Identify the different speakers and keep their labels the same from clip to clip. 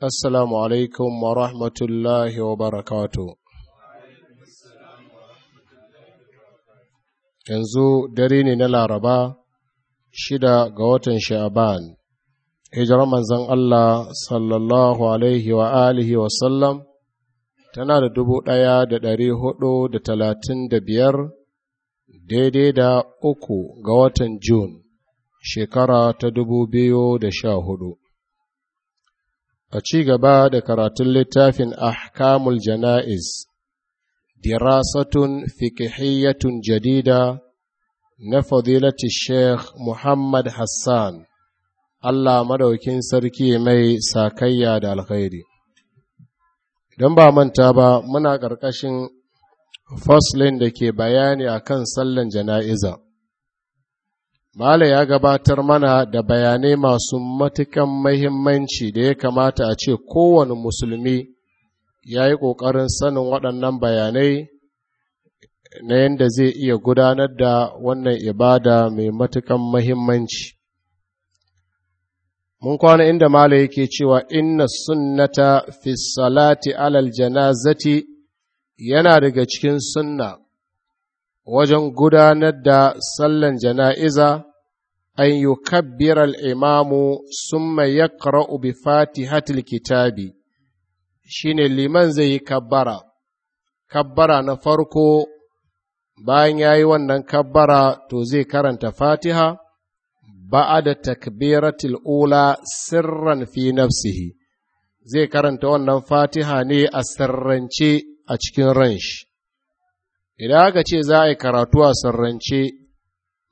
Speaker 1: Assalamu alaikum wa rahmatullahi wa Yanzu dare ne na Laraba shida ga watan Sha'aban, hijirar manzan Allah sallallahu alaihi wa alihi wa sallam tana da dubu ɗaya da ɗari hudu da talatin da biyar daidai da uku ga watan Jun shekara ta dubu biyu da sha hudu. a ci gaba da karatun littafin ahkamul jana'iz dirasatun fikihiyatun jadida na fadilati sheikh muhammad hassan allah madaukin sarki mai sakayya da alkhairi don ba manta ba muna ƙarƙashin faslin da ke bayani a kan sallan jana'iza Mala ya gabatar mana da bayanai masu matukan mahimmanci da ya kamata a ce kowane musulmi ya yi ƙoƙarin sanin waɗannan bayanai na yadda zai iya gudanar da wannan ibada mai matukan mahimmanci. Mun kwana inda Mala yake cewa inna sunnata fi salati alal janazati yana daga cikin sunna wajen gudanar da sallan jana'iza. an yukabbira al-imamu summa yaqra'u bi fatihatil kitabi shine liman zai yi kabara kabbara na farko bayan yayi wannan kabara to zai karanta fatiha ba'a da takbiratil ula sirran fi zai karanta wannan fatiha ne a sirrance a cikin ranshi idan aka ce za a yi karatu a sirrance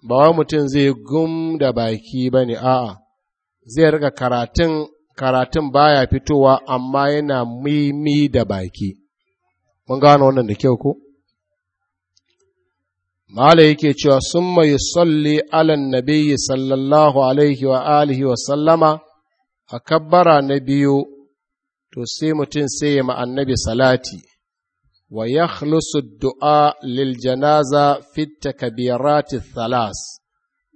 Speaker 1: ba wa mutum zai gum da baki ba ne a'a zai riga karatun karatun baya fitowa amma yana mimi da baki mun gano wannan da kyau ko mala yake cewa sun mai salli alan nabiyyi sallallahu alaihi wa alihi wa sallama a kabbara na biyu to sai mutum sai ya ma salati wa yakhlusu du'a lil janaza fit takbirati thalas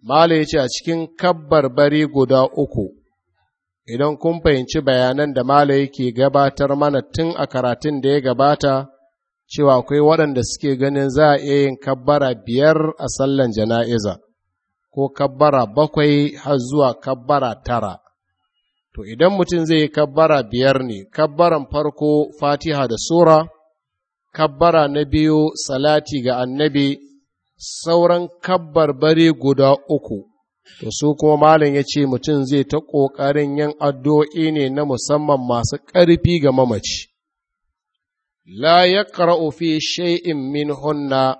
Speaker 1: mala yace a cikin kabbar bari guda uku idan kun fahimci bayanan da mala yake gabatar mana tun a karatun da ya gabata cewa akwai waɗanda suke ganin za a iya yin kabbara biyar a sallan jana'iza ko kabbara bakwai har zuwa kabbara tara to idan mutum zai yi kabbara biyar ne kabbaran farko fatiha da sura kabbara na biyu salati ga annabi sauran kabbar bare guda uku to su kuma malam ya ce mutum zai ta ƙoƙarin yin addu'o'i ne na musamman masu ƙarfi ga mamaci la ya fi shay'in min hunna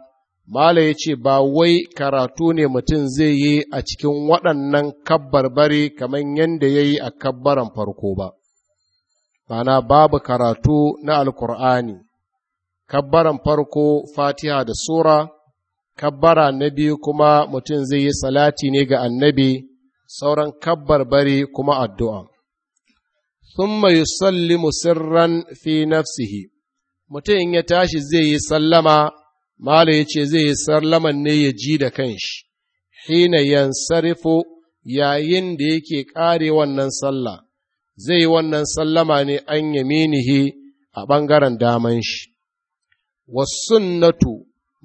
Speaker 1: malin ya ce ba wai karatu ne mutum zai yi a cikin waɗannan kabbar bari kamar yadda ya yi a kabbaran farko ba, bana babu karatu na alkur'ani kabbaran farko fatiha da sura kabbara na biyu kuma mutum zai yi salati ne ga annabi sauran kabbar bari kuma addu'a ثم يسلم sirran fi nafsihi mutum in ya tashi zai yi sallama mala ya ce zai yi sallaman ne ya ji da kanshi hina sarifo yayin da yake ƙare wannan sallah zai yi wannan sallama ne an yaminihi a ɓangaren daman shi wasunnatu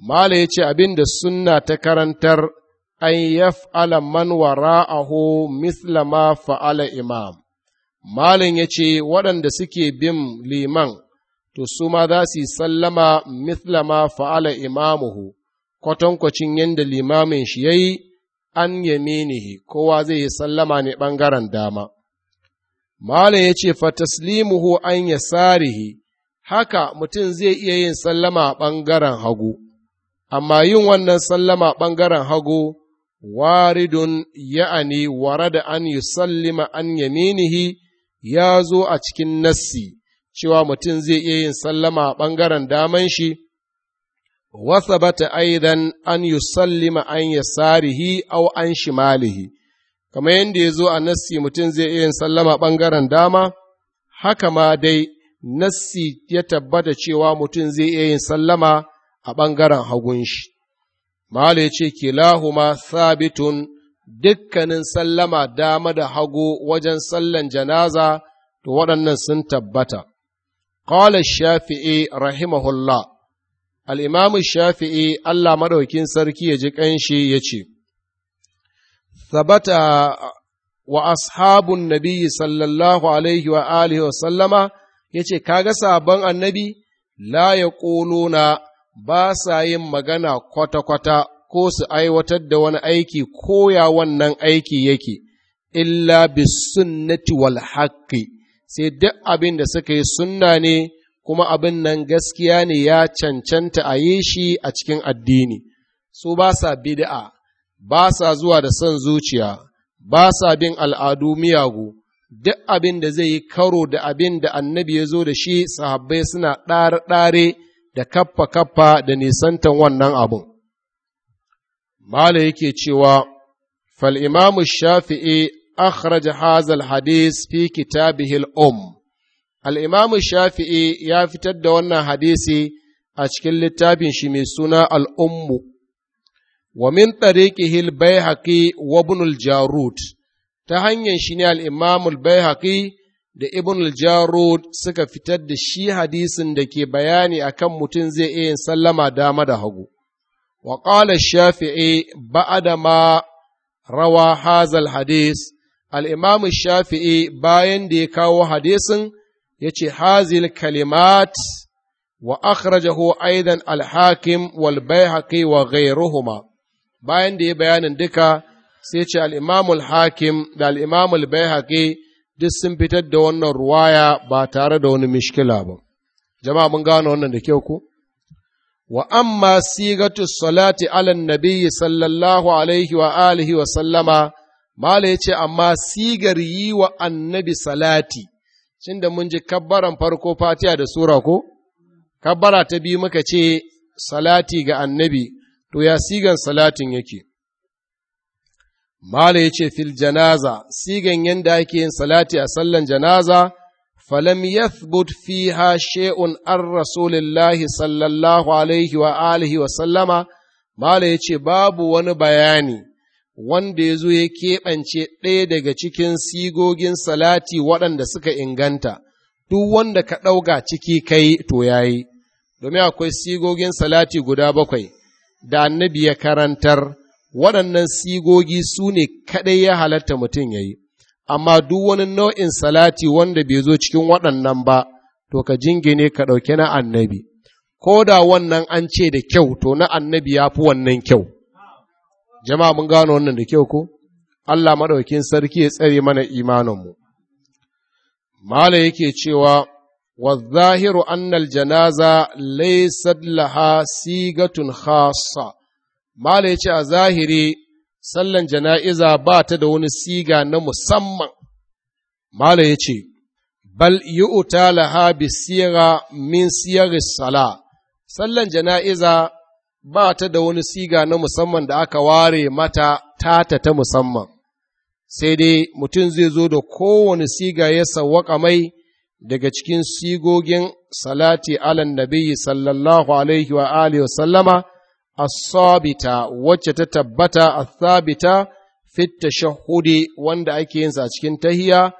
Speaker 1: mala ya ce abin da sunna ta karantar an yaf'ala man wara'ahu misla ma fa'ala imam malin ya ce waɗanda suke bin liman to su ma za su yi sallama misla ma fa'ala imamuhu kwatankwacin yadda limamin shi ya yi an yaminihi kowa zai yi sallama ne ɓangaren dama malin ya ce fa taslimuhu an yasarihi haka mutum zai iya yin sallama a ɓangaren hagu, amma yin wannan sallama a ɓangaren hagu waridun ya'ani da an yi sallima an yaminihi ya zo a cikin nassi cewa mutum zai iya yin sallama a ɓangaren daman shi, wasabata aidan an yi sallima an yasarihi au an shimalihi, kamar yadda ya zo a nassi mutum zai iya yin sallama ɓangaren dama, haka ma dai nassi ya tabbata cewa mutum zai iya yin sallama a ɓangaren hagun shi. Mahala ya ce, Kilahuma sabitun dukkanin sallama dama da hagu wajen sallan janaza, to waɗannan sun tabbata. Qala shafi'i rahimahullah Al'imamu shafi'i Allah maɗaukin sarki ya ji ƙanshi ya ce, Sabata wa ashabun Nabiyyu sallallahu alaihi wa alihi wa sallama ya ce, Kaga sabon annabi, la ya na ba sa yin magana kwata-kwata ko su aiwatar da wani aiki ko ya wannan aiki yake, illa bi sunnati wal haqqi sai duk abin da suka yi sunna ne kuma abin nan gaskiya ne ya cancanta a yi shi a cikin addini, su ba sa bid'a, ba sa zuwa da son zuciya, ba sa bin al'adu miyagu. duk abin da zai yi karo da abin da annabi ya zo da shi sahabbai suna ɗare-ɗare da kaffa-kaffa da nisantar wannan abin. Mala yake cewa, Fal’imamu shafi’i akhraj hazal hadis fi kitabihil um. Al’imamu shafi’i ya fitar da wannan hadisi a cikin littafin shi mai suna al’ummu, wa min tsariƙihil bai haƙi wa bunul jarut. ta hanyar shi ne al'imamul bai da ibn al-jarud suka fitar da shi hadisin da ke bayani a kan mutum zai iya yin sallama dama da hagu. wa ƙala shafi'i ba ma rawa hazal hadis, al’imamul shafi'i bayan da ya kawo hadisin ya ce hazil kalimat wa akhrajahu aidan alhakim wal bai wa gairuhuma bayan da ya bayanin duka sai ce al'imamul hakim da al'imamul bai haƙe duk sun fitar da wannan ruwaya ba tare da wani mishkila ba. Jama'a mun gano wannan da kyau ku? Wa amma sigatu salati alan nabiyyi sallallahu alaihi wa alihi wa sallama, Mala ya ce, amma sigar yi wa annabi salati, cin da mun ji kabbaran farko fatiya da sura ko? Kabbara ta biyu muka ce, salati ga annabi, to ya sigan salatin yake. Mala ya ce fil janaza, sigan yadda ake yin salati a sallan janaza, falam yathbut fiha she'un an rasulillahi sallallahu alaihi wa alihi wa sallama, Mala ya ce babu wani bayani wanda ya zo ya keɓance ɗaya daga cikin sigogin salati waɗanda suka inganta, duk wanda ka ɗauka ciki kai to yayi, domin akwai sigogin salati guda bakwai da annabi ya karantar. waɗannan sigogi su ne kaɗai ya halatta mutum ya yi, amma duk wani nau'in salati wanda bai zo cikin waɗannan ba, to ka jingine ka ɗauki na annabi, ko da wannan an ce da kyau, to na annabi ya fi wannan kyau. Jama'a mun gano wannan da kyau ko? Allah maɗaukin sarki ya tsare mana imaninmu. Mala yake cewa, wa أن الجنازة ليست لها sigatun خاصة Mala ya ce a zahiri sallan jana'iza ba ta da wani siga na musamman. Mala ya ce, Bal yi'uta laha bi siyara min siyar sala, sallan jana'iza ba ta da wani siga na musamman da aka ware mata tata ta musamman, sai dai mutum zai zo da kowane siga ya sawwaka mai daga cikin sigogin salati alan nabi sallallahu alaihi wa alihi wa sallama asabita sabita wacce ta tabbata a sabita fi tashahhudi wanda ake yin sa a cikin tahiya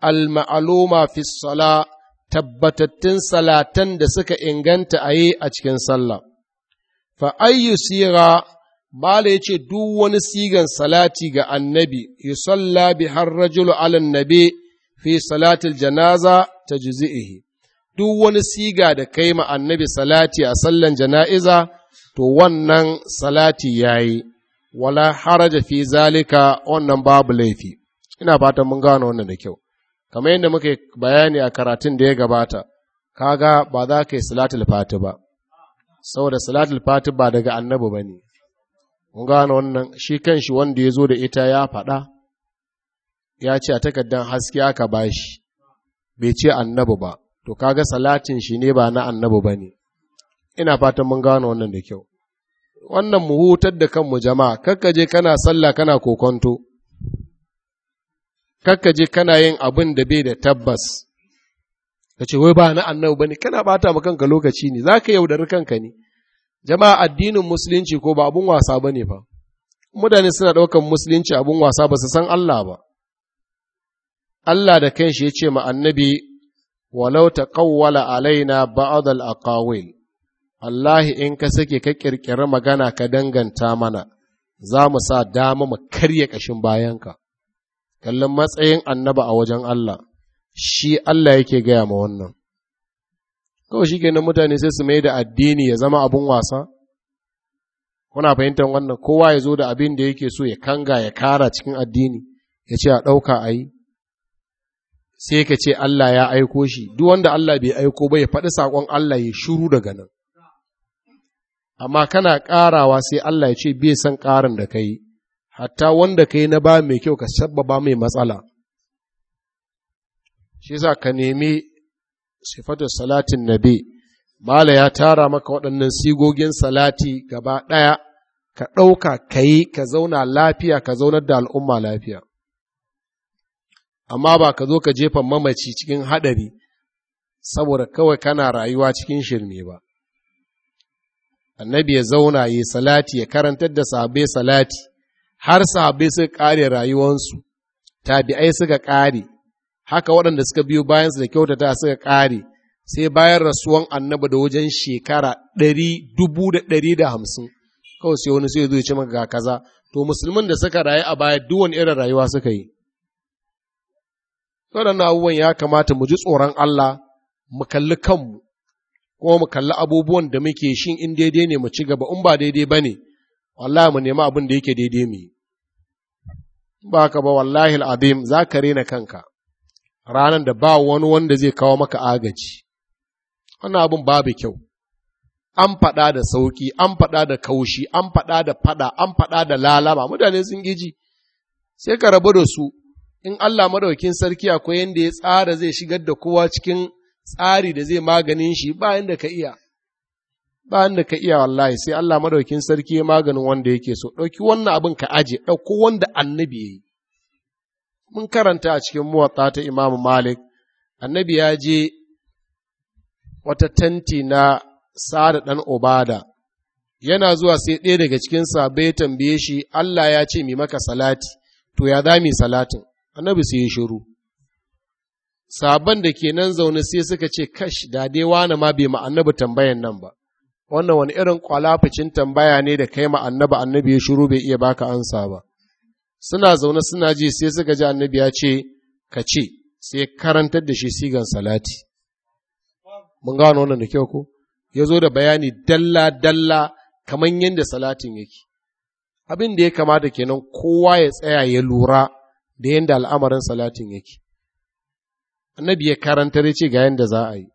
Speaker 1: al maaluma fi sala tabbatattun salatan da suka inganta a yi a cikin sallah fa ayyu sira Mala ya ce, Duk wani sigan salati ga annabi, yusalla bi har rajulu alan nabi fi salatil janaza ta Duk wani siga da kai ma annabi salati a sallan jana'iza, to wannan salati yayi wala haraja fi zalika wannan babu laifi ina fatan mun gano wannan da kyau kamar yadda muke bayani a karatun da ya gabata kaga ba za ka yi salatul fati ba saboda salatul fati ba daga annabi ba mun gano wannan shi kanshi wanda ya zo da ita ya faɗa ya ce a takardar haske aka bashi bai ce annabi ba to kaga salatin shi ne ba na annabi ba ina fatan mun gano wannan da kyau wannan mu hutar da kanmu jama'a kakkaje kana sallah kana kokonto kakkaje kana yin abin da bai da tabbas kace ce wai ba na annabi bane kana bata ma kanka lokaci ne zaka yaudari kanka ne jama'a addinin musulunci ko ba abun wasa bane fa mutane suna ɗaukan musulunci abun wasa ba su san Allah ba Allah da kanshi ya ce ma annabi walau taqawwala alaina ba'd al-aqawil allahi in ka sake ka ƙirƙiri magana ka danganta mana za mu sa dama mu karya ƙashin bayanka kallon matsayin annaba a wajen Allah shi Allah yake gaya ma wannan kawai shi kenan mutane sai su mai da addini ya zama abin wasa kuna fahimtar wannan kowa ya zo da abin da yake so ya kanga ya kara cikin addini ya ce a ɗauka a yi sai ka ce Allah ya aiko shi duk wanda Allah bai aiko ba ya faɗi saƙon Allah ya shuru daga nan amma kana ƙarawa sai Allah ya ce bai san ƙarin da kai hatta wanda kai na ba mai kyau ka sabbaba mai matsala shi za ka nemi sifatu salatin nabi mala ya tara maka waɗannan sigogin salati gaba ɗaya ka ɗauka ka yi ka zauna lafiya ka zaunar da al'umma lafiya amma ba ka zo ka jefa mamaci cikin haɗari saboda kawai kana rayuwa cikin shirme ba annabi ya zauna ya salati ya karantar da sahabbai salati har sahabbai suka kare rayuwansu tabi'ai suka kare haka waɗanda suka biyo bayansu da kyautata suka kare sai bayan rasuwan annabi da wajen shekara ɗari dubu da ɗari da hamsin kawai sai wani sai zai ce maka ga kaza to musulmin da suka rayu a baya duk wani irin rayuwa suka yi waɗannan abubuwan ya kamata mu ji tsoron Allah mu kalli kanmu kuma mu kalli abubuwan da muke shin in daidai ne mu ci gaba in ba daidai ba ne wallahi mu nemi abin da yake daidai mu yi. ba ka ba wallahi al'adim za ka rena kanka ranar da ba wani wanda zai kawo maka agaji wannan abin babu kyau an faɗa da sauƙi an faɗa da kaushi an faɗa da faɗa an faɗa da lalama mutane sun giji sai ka rabu da su in Allah madaukin sarki akwai yadda ya tsara zai shigar da kowa cikin tsari da zai maganin shi ba inda ka iya ba inda ka iya wallahi sai Allah madaukin sarki ya maganin wanda yake so ɗauki wannan abin ka aje ɗauko wanda annabi ya yi mun karanta a cikin muwatta ta imamu malik annabi ya je wata tanti na sada ɗan obada yana zuwa sai ɗaya daga cikin sabai ya tambaye shi Allah ya ce mi maka salati to ya za salatin annabi sai ya shiru saban da ke nan zaune sai suka ce kash da dai wani ma bai ma'annabi tambayan nan ba wannan wani irin kwalafacin tambaya ne da kai ma'annaba annabi ya shiru bai iya baka ansa ba suna zaune suna ji sai suka ji annabi ya ce ka ce sai karantar da shi sigan salati mun gano wannan da kyau ko ya zo da bayani dalla dalla kamar yadda salatin yake abin da ya kamata kenan kowa ya tsaya ya lura da yadda al'amarin salatin yake annabi ya karanta ya ce ga yanda za a yi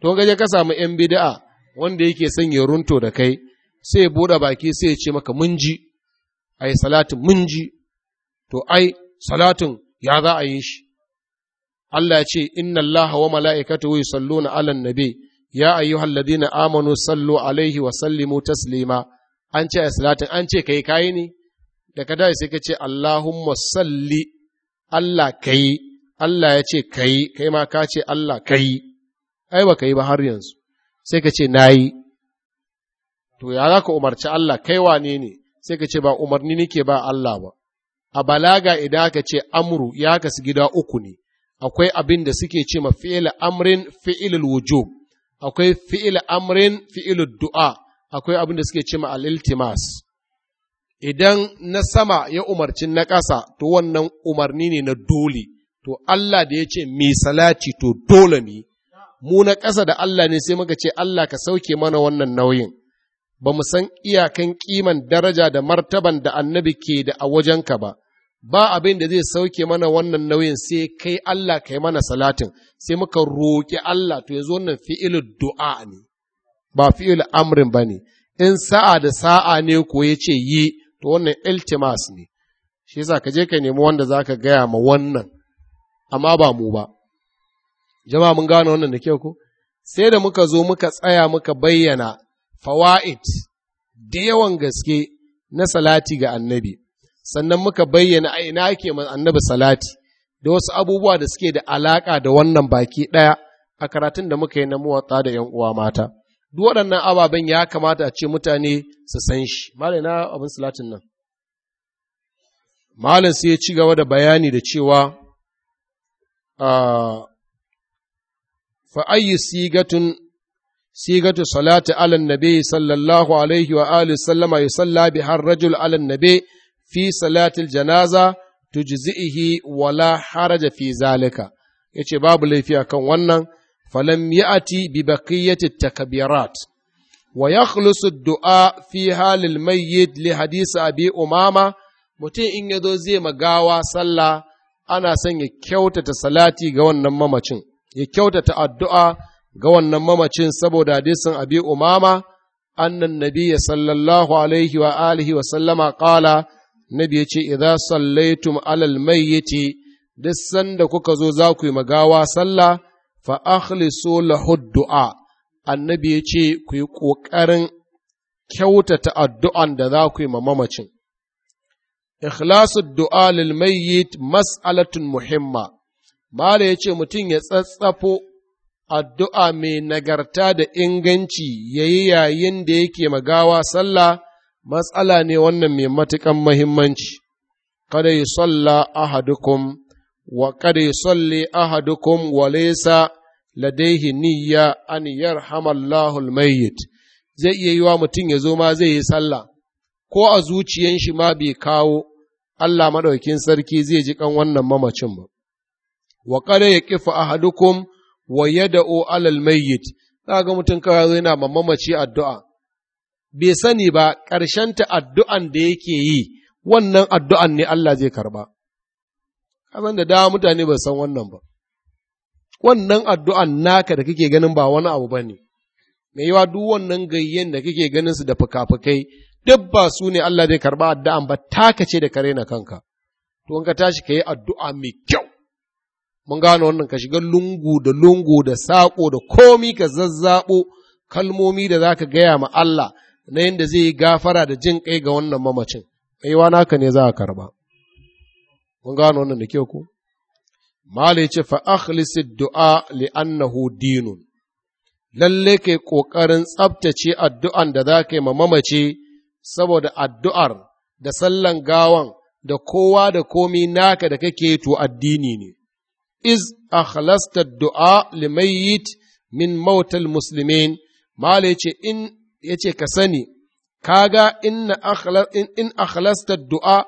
Speaker 1: to gaje ka samu yan bida'a wanda yake son ya runto da kai sai ya baki sai ya ce maka mun ji yi salatin mun ji to ai salatin ya za a yi shi Allah ya ce inna Allah wa mala'ikatahu yusalluna na nabi ya na amanu sallu alaihi wa sallimu taslima an ce a salatin an ce yi kayi ne da ka dai sai ka ce Allahumma salli Allah ka yi. Allah ya ce ka yi, kai ma ka ce Allah ka yi, ai ba ka yi ba har yanzu, sai ka ce na yi. To, ya za ka umarci Allah, kai wane ne, sai ka ce ba umarni nake ba Allah ba. A balaga idan aka ce amru ya kasu gida uku ne, akwai abin da suke ce ma fi'il amrin fi'il wujo akwai fi'il amrin fi'il du'a, akwai abin da suke ce ma al'iltimas. Idan na sama ya umarci na ƙasa, to wannan umarni ne na dole. to Allah da ya ce mai salati to dole mi, mu na ƙasa da Allah ne sai muka ce Allah ka sauke mana wannan nauyin, ba mu san iyakan kiman daraja da martaban da annabi ke da a wajenka ba, ba abin da zai sauke mana wannan nauyin sai kai Allah ka yi mana salatin, sai muka roƙi Allah to ya zo nan fi'ilin du'a ne, ba fi'il amrin ba ne, in sa'a da sa'a ne ko ya ce yi, to wannan iltimas ne, shi yasa ka je ka nemi wanda za ka gaya ma wannan. amma ba mu ba. jama mun gane wannan da kyau ko? Sai da muka zo muka tsaya muka bayyana fawa'id da yawan gaske na salati ga annabi, sannan muka bayyana a ina ake man annabi salati da wasu abubuwa da suke da alaka da wannan baki ɗaya a karatun da muka yi na muwatsa da ‘yan uwa mata. Duk waɗannan ababen ya kamata a ce mutane su san shi. Malai na abin salatin nan. Malam sai ya ci gaba da bayani da cewa fa ayyu sigatun sigatu salati ala nabi sallallahu alaihi wa alihi sallama yusalla bi har rajul ala nabi fi salatil janaza tujzihi wala haraja fi zalika yace babu laifi kan wannan falam ya'ti bi baqiyati takbirat wa yakhlusu du'a fi halil mayyit li hadisi abi umama mutum in ya zo zai ma gawa sallah ana son ya kyautata salati ga wannan mamacin ya kyautata addu'a ga wannan mamacin saboda hadisin abi umama annan ya sallallahu alaihi wa alihi wa sallama qala nabi yace iza sallaitum alal mayyiti duk sanda kuka zo za ku yi magawa sallah fa akhlisu lahu du'a annabi yace ku yi ƙoƙarin kyautata addu'an da za ku yi ma mamacin ikhlasu du'a lil mayyit mas'alatun muhimma mala yace mutum ya tsatsafo addu'a mai nagarta da inganci yayi yayin da yake magawa sallah matsala ne wannan mai matukan muhimmanci kada ya salla ahadukum wa kada yi salli ahadukum wa laysa ladaihi niyya an yarhamallahu zai iya yiwa wa mutum ya zo ma zai yi sallah ko a zuciyan shi ma bai kawo Allah maɗaukin sarki zai ji kan wannan mamacin ba. Wa ƙare ya kifa ahadukum wa dao alal mayyit za ga mutum kawai zai yana mamaci addu'a. Bai sani ba ta addu'an da yake yi wannan addu'an ne Allah zai karɓa. Kasan da dawa mutane ba san wannan ba. Wannan addu'an naka da kake ganin ba wani abu ba ne. Mai yawa duk wannan gayyen da kake ganin su da fuka-fukai duk ba su ne Allah zai karba addu'an ba taka ce da kare na kanka to wanka ka tashi ka yi addu'a mai kyau mun gano wannan ka shiga lungu da lungu da saƙo da komi ka zazzabo kalmomi da zaka gaya ma Allah na yadda zai yi gafara da jin kai ga wannan mamacin kaiwa naka ne za a karba mun gano wannan da kyau ko Mala ce fa akhlisid du'a li annahu dinun lalle kai ƙoƙarin tsabtace addu'an da za ka yi ma mamace saboda addu'ar da sallan gawan da kowa da komi naka da kake to addini ne, iz akhlasta du'a limayit min mautal muslimin, mala ce in yace ka sani, kaga inna in akhlasta du'a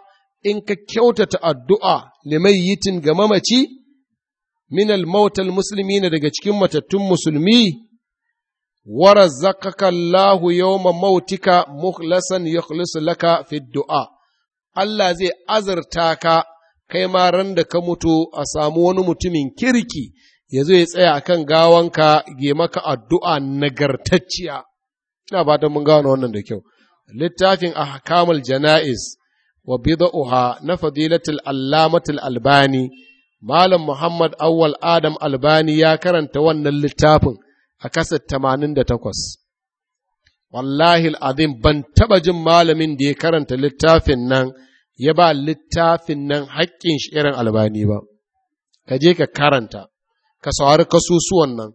Speaker 1: in ka kyautata addu'a limayyitin ga mamaci, min mautal muslimina daga cikin matattun musulmi, warazakaka Allahu yawma mautika mukhlasan yukhlisu laka fi Allah zai azurta ka kai ma ran da ka mutu a samu wani mutumin kirki ya zo ya tsaya kan gawanka ge maka addu'a nagartacciya ina fatan mun gano wannan da kyau littafin ahkamul jana'iz wa bid'uha na fadilatul allamatul albani malam muhammad awwal adam albani ya karanta wannan littafin a kasar tamanin da takwas. Wallahi al'adin ban taɓa jin malamin da ya karanta littafin nan ya ba littafin nan haƙƙin shi irin albani ba, ka je ka karanta, ka saurari kasusuwan nan,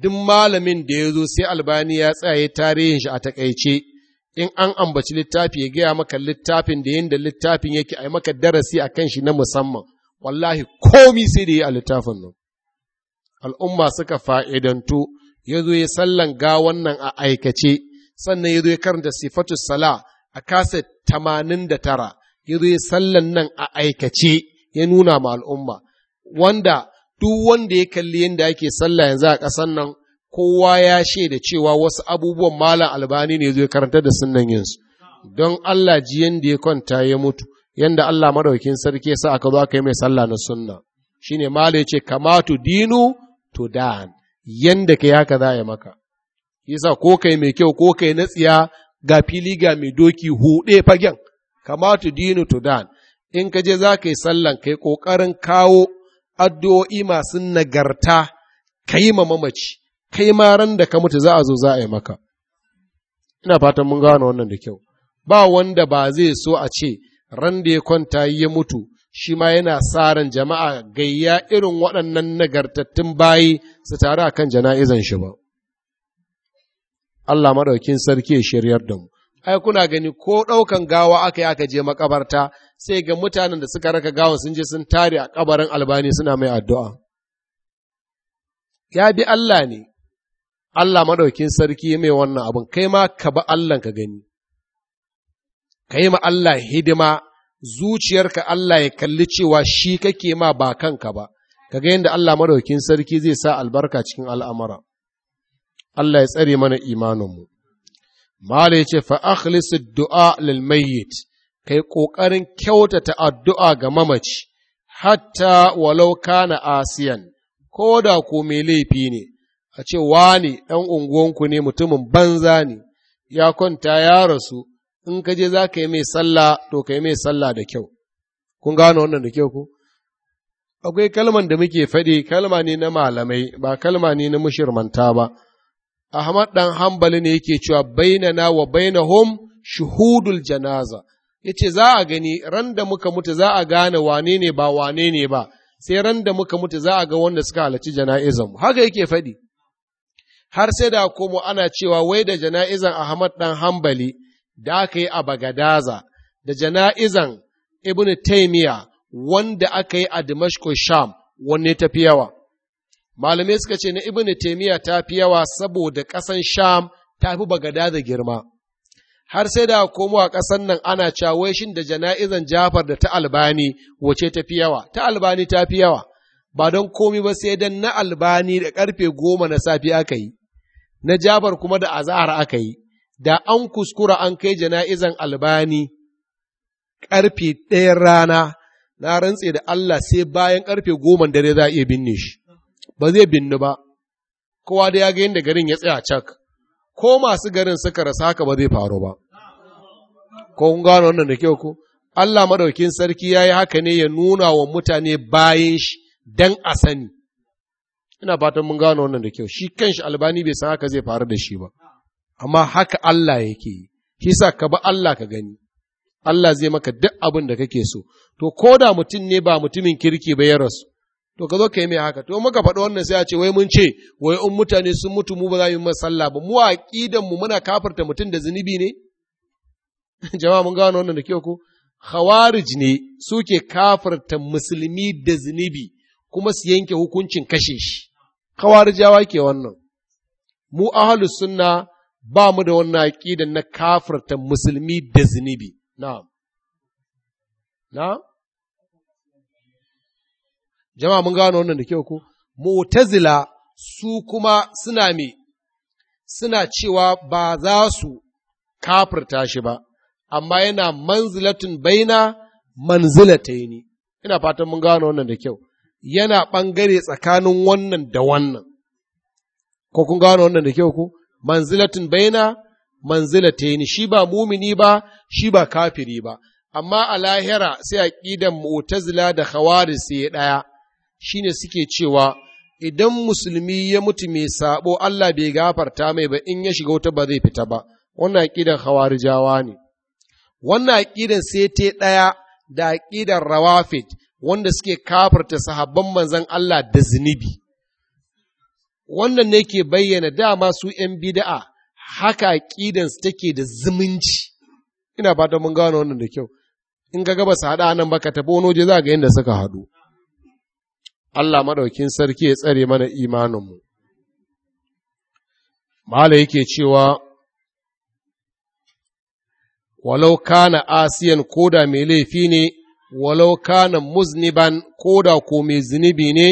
Speaker 1: duk malamin da ya zo sai albani ya tsaye tarihin shi a takaice, in an ambaci littafi ya gaya maka littafin da yadda littafin yake a maka darasi a kan shi na musamman, wallahi komi sai da yi a littafin nan. Al'umma suka fa'idantu ya zo ya sallan ga wannan a aikace sannan ya zo ya karanta sifatu sala a kasa tamanin da tara ya zo ya sallan nan a aikace ya nuna ma al'umma wanda duk wanda ya kalli yadda ake sallah yanzu a ƙasan nan kowa ya shaida cewa wasu abubuwan malam albani ne zai karanta da sunan yanzu don Allah ji yadda ya kwanta ya mutu yanda Allah madaukin sarki ya sa aka zo aka yi mai sallah na sunna shine malam yace kamatu dinu to dan yanda kai yaka za a yi maka yasa ko kai mai kyau ko kai na tsiya ga fili ga mai doki huɗe fagen kamatu dinu tudan in ka je za ka yi sallan kai ƙoƙarin kawo addu'o'i masu nagarta ka yi ma mamaci kai ma ran da ka mutu za a zo za a yi maka ina fatan mun gano wannan da kyau ba wanda ba zai so a ce ran da ya kwanta ya mutu shi ma yana ran jama'a gayya irin waɗannan nagartattun bayi su tare a kan jana'izan shi ba. Allah maɗaukin sarki ya shiryar da mu. Ai, kuna gani ko ɗaukan gawa aka yi aka je makabarta sai ga mutanen da suka raka gawa sun je sun tare a kabarin albani suna mai addu'a. Ya bi Allah ne, Allah maɗaukin sarki ya mai wannan abin, kai ma ka ba Allah ka gani. Ka yi ma Allah hidima zuciyarka Allah ya kalli cewa shi kake ma ba kanka ba ka kaga yadda Allah madaukin sarki zai sa albarka cikin al'amara Allah ya tsare mana imaninmu mala ya ce fa du'a lil kai ƙoƙarin kyautata addu'a ga mamaci hatta walau na asiyan ko da ko mai laifi ne a ce wani ɗan unguwanku ne mutumin banza ne ya kwanta ya rasu in ka je za ka yi mai sallah to ka yi mai sallah da kyau kun gano wannan da kyau ku akwai kalman da muke faɗi kalma ne na malamai ba kalma ne na mushirmanta ba Ahmad dan hambali ne yake cewa bainana wa bainahum shuhudul janaza yace za a gani ran da muka mutu za a gane wane ne ba wane ne ba sai ran da muka mutu za a ga wanda suka halarci jana'izan haka yake faɗi har sai da komo ana cewa wai da jana'izan Ahmad dan hambali da aka yi a Bagadaza da jana'izan Ibn taimiya wanda aka yi a Dimashko Sham wanne ta fi yawa. Malamai suka ce na Ibn taimiya ta fi yawa saboda ƙasan Sham ta fi Bagadaza girma. Har sai da komo a ƙasan nan ana wai shin da jana'izan Jafar da ta Albani wace ta fi yawa, ta Albani ta fi yawa, ba don komi ba sai dan na Albani da ƙarfe goma na safi aka yi, na Jafar kuma da azahar aka yi. da an kuskura an kai jana'izan albani ƙarfe ɗayan rana na rantse da Allah sai bayan ƙarfe goma dare za a iya binne shi, ba zai binne ba, kowa da ya ga yadda garin ya tsaya cak, ko masu garin suka rasa haka ba zai faru ba. Ko kun gano wannan da kyau ko? Allah maɗaukin sarki ya yi haka ne ya nuna wa mutane bayan shi don a sani. Ina fatan mun gano wannan da kyau, shi kanshi albani bai san haka zai faru da shi ba. amma haka Allah yake yi hisa ka ba Allah ka gani Allah zai maka duk abin da kake so to ko da mutum ne ba mutumin kirki ba ya rasu to ka zo ka yi mai haka to muka faɗi wannan sai a ce wai mun ce wai in mutane sun mutu mu ba za mu yi ba mu a mu muna kafarta mutum da zunubi ne jama'a mun gano wannan da kyau ko khawarij ne suke kafarta musulmi da zunubi kuma su yanke hukuncin kashe shi khawarijawa ke wannan mu ahlus sunna ba mu da wannan aƙida na kafarta musulmi da zunubi na'am na'am jama'a mun gano wannan da kyau ko mu'tazila su kuma suna me suna cewa ba za su kafarta shi ba amma yana manzilatun baina yi ne ina fatan mun gano wannan da kyau yana ɓangare tsakanin wannan da wannan ko kun gano wannan da kyau ko manzilatin baina manzilataini shi ba mumini ba shi ba kafiri ba amma a lahira sai aqidan mu'tazila da khawarij sai daya shine suke cewa idan musulmi ya mutu mai sabo Allah bai gafarta mai ba in ya shiga wuta ba zai fita ba wannan aqidan khawarijawa ne wannan aqidan sai ta daya da aqidan rawafid wanda suke kafarta sahabban manzon Allah da zunubi wannan ne ke bayyana dama su ‘yan bida'a haka ƙidansu take da zumunci, ina ba mun gano wannan da kyau, in ga gaba su haɗa nan ka taɓa wani waje za ga yadda suka haɗu. Allah maɗaukin sarki ya tsare mana imaninmu. Mala yake cewa, walau kana asiyan koda mai laifi ne, walau kana muzniban koda ko mai zunubi ne,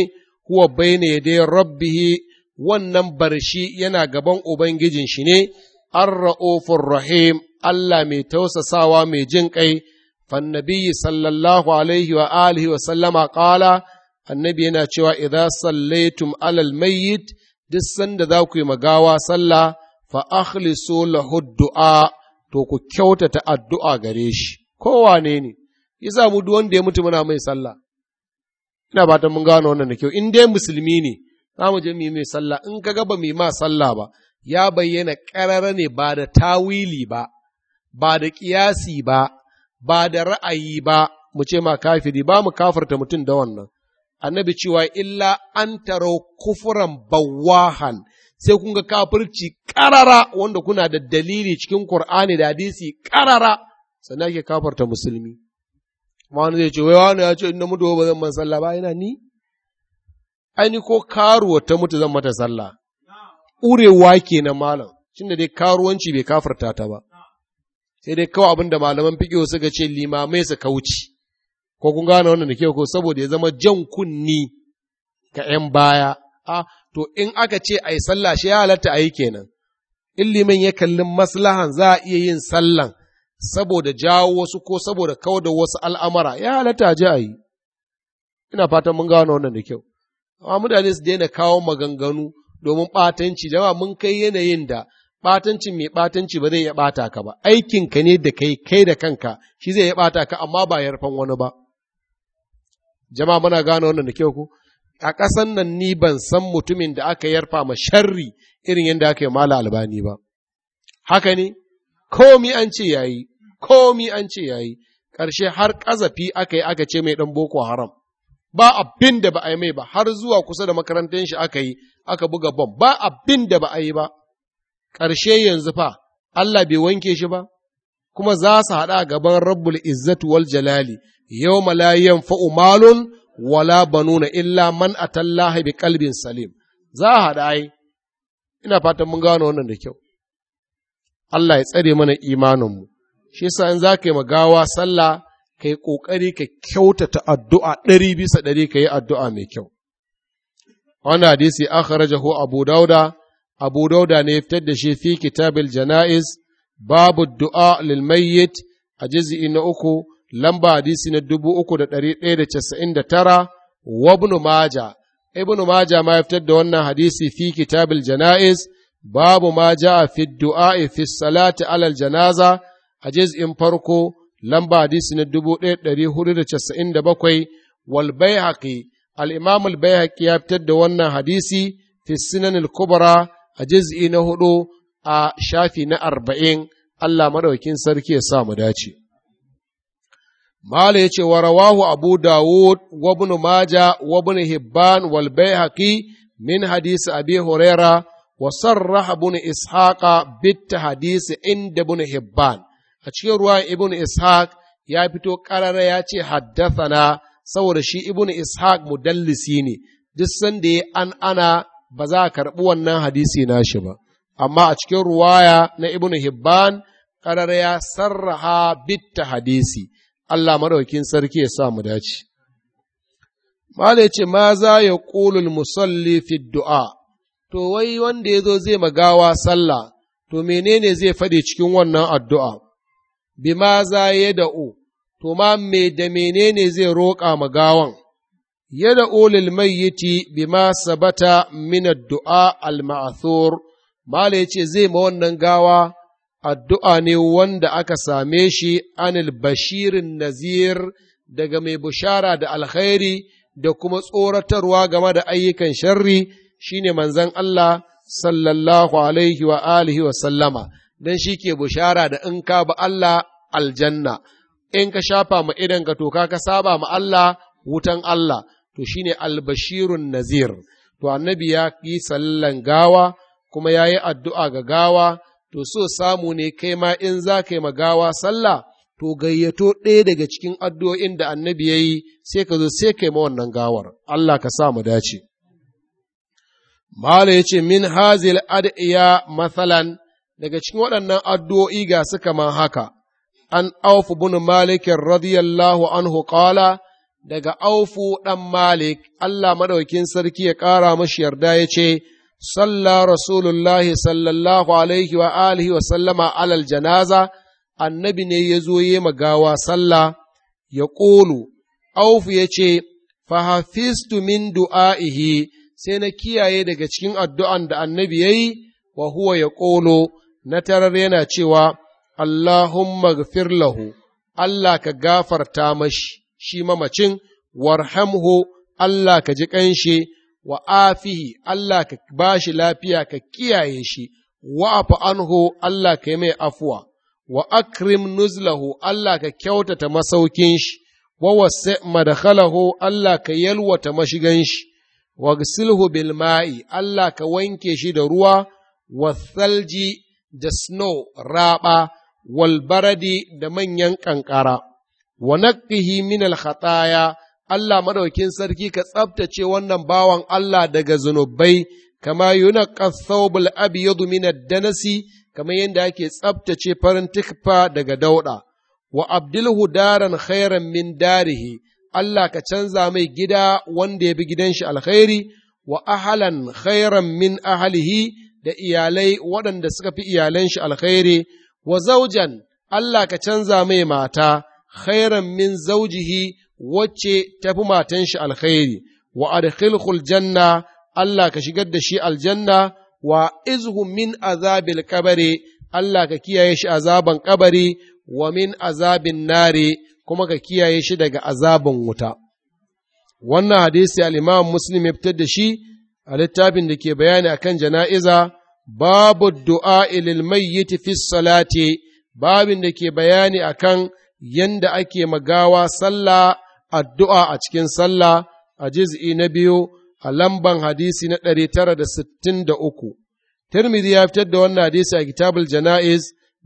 Speaker 1: kuwa bai ne dai rabbihi wannan barshi yana gaban Ubangijin shi ne, an ra'ofin rahim Allah mai tausasawa mai jin ƙai, fannabi sallallahu alaihi wa alihi wa sallama ƙala, annabi yana cewa idan sallaitum alal mayyit duk sanda za ku yi magawa sallah fa akhlisu lahu du'a to ku kyautata addu'a gare shi wane ne yasa mu duk wanda ya mutu muna mai sallah ina fatan mun gano wannan da kyau in dai musulmi ne za mu je mu mai sallah in ka gaba mai ma sallah ba ya bayyana ƙarara ne ba da tawili ba ba da ƙiyasi ba ba da ra'ayi ba mu ce ma kafiri ba mu kafarta mutum da wannan annabi cewa illa an taro kufuran bawahan sai kun ga kafirci ƙarara wanda kuna da dalili cikin Kur'ani da hadisi ƙarara sannan ake kafarta musulmi. Ma wani zai ce, wai wani ya ce, inda mutuwa ba zan man sallah ba, yana ni? aini ko karuwa ta mutu zan mata sallah urewa kenan malam da dai karuwanci bai kafarta ta ba sai dai kawai abin da malaman fiƙo suka ce limamai su kauci ko kun gane wannan da kyau ko saboda ya zama jan kunni ga 'yan baya a to in aka ce a yi sallah shi ya halatta a yi kenan in liman ya kalli maslahan za a iya yin sallan saboda jawo wasu ko saboda kawar da wasu al'amara ya halatta a ji a yi ina fatan mun gane wannan da kyau amma mutane su daina kawo maganganu domin ɓatanci jama mun kai yanayin da ɓatancin mai ɓatanci ba zai iya ɓata ka ba aikinka ne da kai kai da kanka shi zai iya ɓata ka amma ba yarfan wani ba jama muna gane wannan da kyau ku a ƙasan nan ni ban san mutumin da aka yarfa ma sharri irin yadda aka yi mala albani ba haka ne komi an ce yayi komi an ce yayi ƙarshe har ƙazafi aka yi aka ce mai ɗan boko haram ba abin da ba a yi mai ba har zuwa kusa da makarantar shi aka yi aka buga bom ba abin da ba a yi ba ƙarshe yanzu fa Allah bai wanke shi ba kuma za su haɗa gaban rabbul izzatu wal jalali yau la yanfa'u malun wala banuna illa man atallaha bi kalbin salim za a haɗa ai ina fatan mun gano wannan da kyau Allah ya tsare mana imaninmu shi yasa in za ka yi magawa sallah ka yi ƙoƙari ka kyautata addu'a ɗari bisa ɗari ka yi addu'a mai kyau. Wani hadisi aka rajahu Abu Dauda, Abu Dauda ne fitar da shi fi kitabil jana'iz, babu du'a lil mayyit a jizi'i na uku, lamba hadisi na dubu uku da ɗari ɗaya da casa'in da tara, wabnu maja. Ibnu maja ma ya fitar da wannan hadisi fi kitabil jana'iz, babu maja a fi du'a fi salati alal janaza a jiz'in farko, lamba hadisi na 1497 wal bayhaqi al-imam al bayhaqi ya fitar da wannan hadisi fi sunan al-kubra a juz'i na hudu a shafi na arba'in Allah madaukin sarki ya sa mu dace Mala yace ce rawahu Abu Dawud wa ibn Maja wa ibn Hibban wal bayhaqi min hadisi Abi Huraira wa sarraha ibn Ishaqa bit hadisi inda ibn Hibban a cikin ruwa ibn ishaq ya fito ƙarara ya ce na saboda shi ibn ishaq mudallisi ne duk sanda ya an ana ba za a karɓi wannan hadisi na shi ba amma a cikin ruwaya na ibn hibban ƙarara ya sarraha bitta hadisi Allah maɗaukin sarki ya sa mu dace Mala ce, Ma za ya ƙulul musalli fi du'a, to wai wanda ya zo zai magawa sallah, to menene zai faɗi cikin wannan addu'a? bima za ya da'u, to ma me da menene zai roƙa ma gawan, ya da'u lil mayyiti bima sabata mina du'a al Mala ya ce zai ma wannan gawa addu'a ne wanda aka same shi anil bashirin nazir daga mai bushara da alkhairi da kuma tsoratarwa game da ayyukan sharri shine manzan Allah sallallahu alaihi wa wa sallama. don shi ke bushara da in ka ba Allah aljanna, in ka shafa ma idan ka toka ka saba ma Allah wutan Allah, to shi ne albashirun nazir, to annabi ya yi sallan gawa kuma ya yi addu'a ga gawa, to so samu ne kai ma in za ka yi ma gawa sallah, to gayyato ɗaya daga cikin addu'o'in da annabi ya yi sai ka zo sai ka ma wannan gawar, Allah ka sa mu dace. Mala ya ce, Min hazil ad'iya matsalan, daga cikin waɗannan addu'o'i ga su kaman haka, an aufu bin malikin radiyallahu anhu ƙala daga aufu ɗan malik, Allah maɗaukin sarki ya ƙara mashi yarda ya ce, Salla Rasulullahi sallallahu alaihi wa alihi wa sallama alal janaza, annabi ne ya zo yi magawa sallah, ya ƙolu, aufu ya ce, Fahafistu min du'a'ihi sai na kiyaye daga cikin addu'an da annabi ya yi, wa huwa ya ƙolo, na tarar yana cewa Allahumma gafir lahu, Allah ka gafarta mashi, shi mamacin, warhamhu Allah ka ji ƙanshi. wa afihi Allah ka ba shi lafiya ka kiyaye shi, wa anhu Allah ka yi mai afuwa, wa akrim nuzlahu Allah ka kyautata masaukin shi, wa wasse madakhalahu Allah ka yalwata mashigan shi, wa gisilhu bilma'i Allah ka wanke shi da ruwa, wa salji. da snow raɓa walbaradi da manyan ƙanƙara, wa naƙihi min al-khataya Allah maɗaukin sarki ka tsaftace wannan bawan Allah daga zunubai, kama yunaqqa thawbul abyadu min ad-danasi kamar yadda ake tsaftace farin tikfa daga dauɗa, wa abdilhu daran khairan min darihi, Allah ka canza mai gida wanda ya bi gidan shi alkhairi, wa ahalan khairan min ahlihi da iyalai waɗanda suka fi iyalan shi alkhairi, wa zaujan Allah ka canza mai mata, khairan min zaujihi wacce ta fi matan shi alkhairi, wa adkhilhul janna Allah ka shigar da shi aljanna, wa izhu min azabil kabari, Allah ka kiyaye shi azaban kabari, wa min azabin nari, kuma ka kiyaye shi daga azabin wuta. Wannan hadisi al'imam Muslim ya fitar da shi a littafin da ke bayani akan jana'iza babu du'a ilil mayyiti fi salati babin da ke bayani akan yanda ake magawa sallah addu'a a cikin sallah a juz'i na biyu a lamban hadisi na ɗari tara da sittin da uku. Tirmidhi ya fitar da wannan hadisi a kitabul jana'iz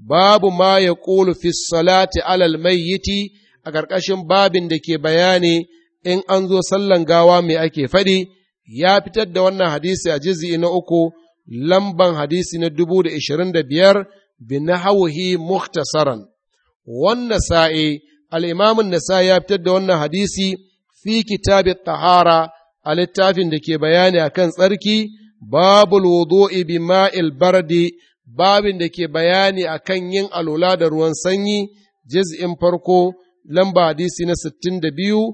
Speaker 1: babu ma ya ƙulu fi salati alal mayyiti a ƙarƙashin babin da ke bayani in an zo sallan gawa mai ake faɗi ya fitar da wannan hadisi a jizi na uku lamban hadisi na dubu da ishirin da biyar binahawihi muhtasaran wannan sa'i al'imamun nasa ya fitar da wannan hadisi fi kitabin tahara a littafin da ke bayani a kan tsarki babul wudu'i bi ma'il bardi babin da ke bayani a kan yin alula da ruwan sanyi jiz'in farko lamba hadisi na sittin da biyu.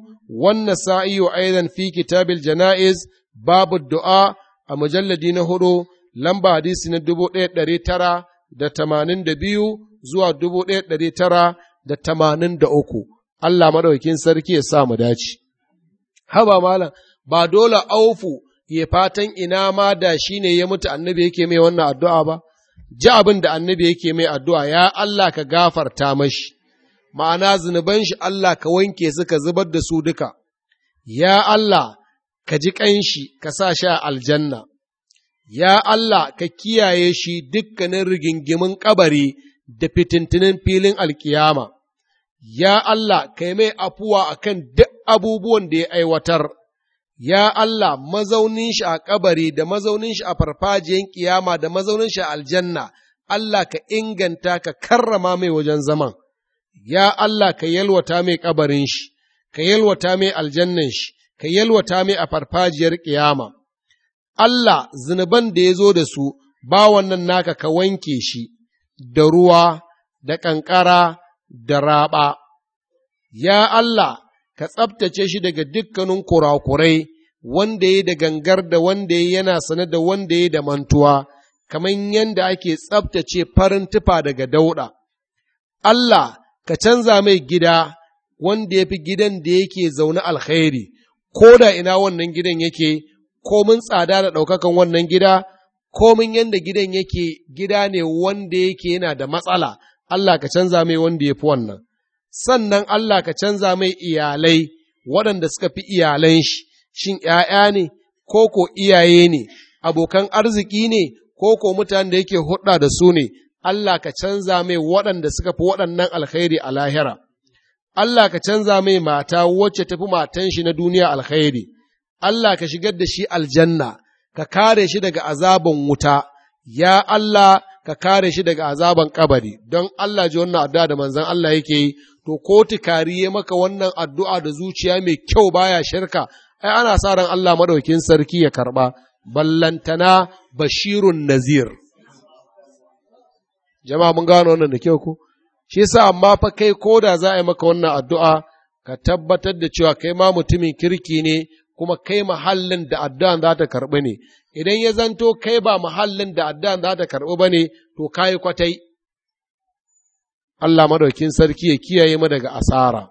Speaker 1: wannan wa aidan fi kitabil jana'iz babu du'a a mujalladi na hudu lamba hadisi na dubu ɗaya ɗari tara da tamanin da biyu zuwa dubu ɗaya ɗari tara da tamanin da uku. Allah maɗaukin sarki ya sa mu dace. Haba malam, ba dole aufu ya fatan ina ma da shi ne ya mutu annabi yake mai wannan addu'a ba, ji abin da annabi yake mai addu'a ya Allah ka gafarta mashi, ma'ana zunuban shi Allah ka wanke su ka zubar da su duka, ya Allah ka ji ƙanshi ka sa shi a aljanna, ya Allah ka kiyaye shi dukkanin rigingimin ƙabari da fitintinin filin alkiyama, ya Allah ka yi mai afuwa a kan duk abubuwan da ya aiwatar, ya Allah mazaunin shi a ƙabari da mazaunin shi a farfajiyar ƙiyama da mazaunin shi a aljanna, Allah ka inganta ka karrama mai wajen zaman. ya Allah ka yalwata mai ƙabarin shi, ka yalwata mai aljannan shi, ka yalwata mai a farfajiyar ƙiyama. Allah zunuban da ya zo da su ba wannan naka ka wanke shi da ruwa da ƙanƙara da raɓa. Ya Allah, ka tsabtace shi daga dukkanin kurakurai wanda ya da gangar da wanda ya yana sane da wanda ya da mantuwa, kamar yadda ake tsabtace farin tufa daga dauɗa. Allah, ka canza mai gida wanda ya fi gidan da yake zaune alkhairi. ko da ina wannan gidan yake komin tsada da ɗaukakan wannan gida komin yadda gidan yake gida ne wanda yake yana da matsala Allah ka canza mai wanda ya fi wannan sannan Allah ka canza mai iyalai waɗanda suka fi iyalan shi shin ‘ya'ya ne ko ko iyaye ne abokan arziki ne ko ko mutanen da yake hudda da su ne Allah ka canza mai waɗanda suka fi waɗannan alkhairi a lahira. Allah ka canza mai mata wacce tafi matan shi na duniya alkhairi, Allah ka shigar da shi aljanna, ka kare shi daga azaban wuta, ya Allah ka kare shi daga azaban kabari, don Allah ji wannan addu'a da manzan Allah yake yi, to ko tukari ya maka wannan addu'a da zuciya mai kyau baya shirka, ai ana sa ran Allah maɗaukin sarki ya karɓa, ballantana bashirun nazir. Jama'a mun gano wannan da kyau ko. shi sa amma fa kai ko da za a yi maka wannan addu'a ka tabbatar da cewa kai ma mutumin kirki ne kuma kai mahallin da addu'an za ta karɓi ne idan ya zanto kai ba mahallin da addu'an za ta karɓi ba ne to kayi kwatai Allah madaukin sarki ya kiyaye mu daga asara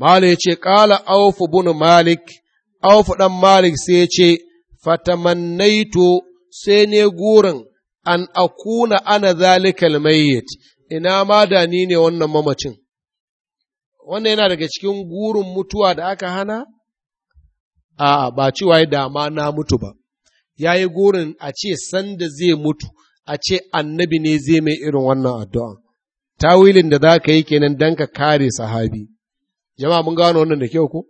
Speaker 1: Malik ce kala aufu bin Malik aufu ɗan Malik sai ya ce fatamannaitu sai ne gurin an akuna ana zalikal mayyit ina ma da ni ne wannan mamacin wannan yana daga cikin gurin mutuwa da aka hana a ba cewa da ma na mutu ba ya yi gurin a ce sanda zai mutu a ce annabi ne zai mai irin wannan addu'a tawilin da za ka yi kenan don ka kare sahabi jama'a mun gano wannan da kyau ko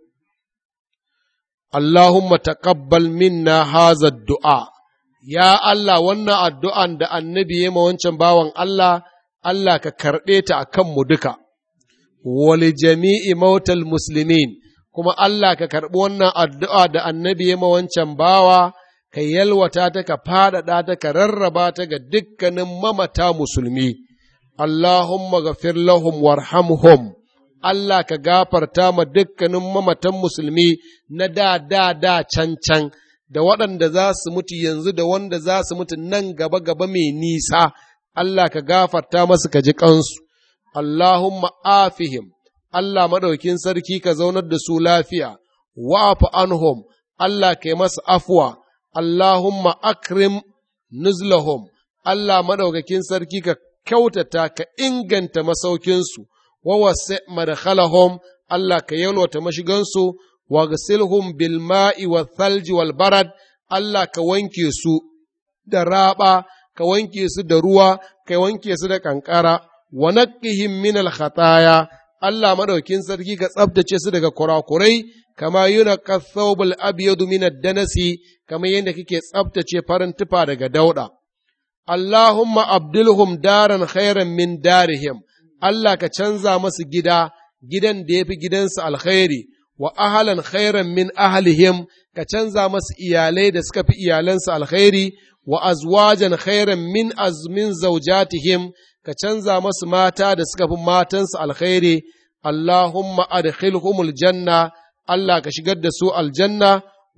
Speaker 1: Allahumma taqabbal minna haza du'a ya Allah wannan addu'an da annabi ya ma wancan bawan Allah, Allah ka karɓe ta a kanmu duka, wali jami'i mautal musulmin, kuma Allah ka karɓi wannan addu'a da annabi ya ma wancan bawa, ka yalwata ta, ka faɗaɗa ta, ka rarraba ta ga dukkanin mamata musulmi. Allahumma gafir lahum warhamhum. Allah ka gafarta ma dukkanin mamatan musulmi na da da da can can. da waɗanda za su mutu yanzu da wanda za su mutu nan gaba-gaba mai nisa, Allah ka gafarta masu ka ji kansu, Allahumma afihim, Allah maɗaukin sarki ka zaunar da su lafiya, wa'afu anhum, Allah ka yi masu afuwa, Allahumma akrim nuzlahum, Allah maɗaukakin sarki ka kyautata ka inganta masaukinsu, wa wasu madakhalahum, Allah ka yalwata mashigansu, waghsilhum bil ma'i wal thalji wal barad Allah ka wanke su da raba ka wanke su da ruwa ka wanke su da kankara wa naqqihim min al khataya Allah madaukin sarki ka tsabtace su daga kurakurai kama yuna kathawbul abyadu min ad-danasi kama yadda kike tsabtace farin tufa daga dauda Allahumma abdulhum daran khairan min darihim Allah ka canza masu gida gidan da yafi gidansu alkhairi wa ahalan khairan min ahlihim ka canza masu iyalai da suka fi iyalansu alkhairi wa azwajan khairan min azmin zaujatihim ka canza masu mata da suka fi matansu alkhairi Allahumma adkhilhumul janna Allah ka shigar da su aljanna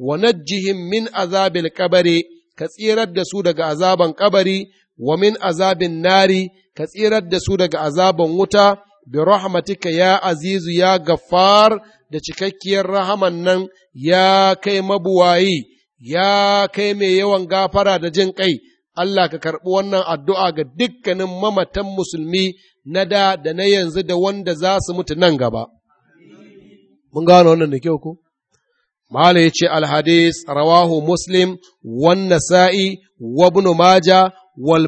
Speaker 1: wa najjihim min azabil kabari ka tsirar da su daga azaban kabari wa min azabin nari ka tsirar da su daga azaban wuta bi rahmatika ya azizu ya gaffar da cikakkiyar rahaman nan ya kai mabuwayi, ya kai mai yawan gafara da jin ƙai, Allah ka karɓi wannan addu'a ga dukkanin mamatan musulmi na da da na yanzu da wanda za su mutu nan gaba. Mun gano wannan da kyau ko? Mala ce alhadis rawahu Muslim, wannan sa'i wa ibn Maja, wal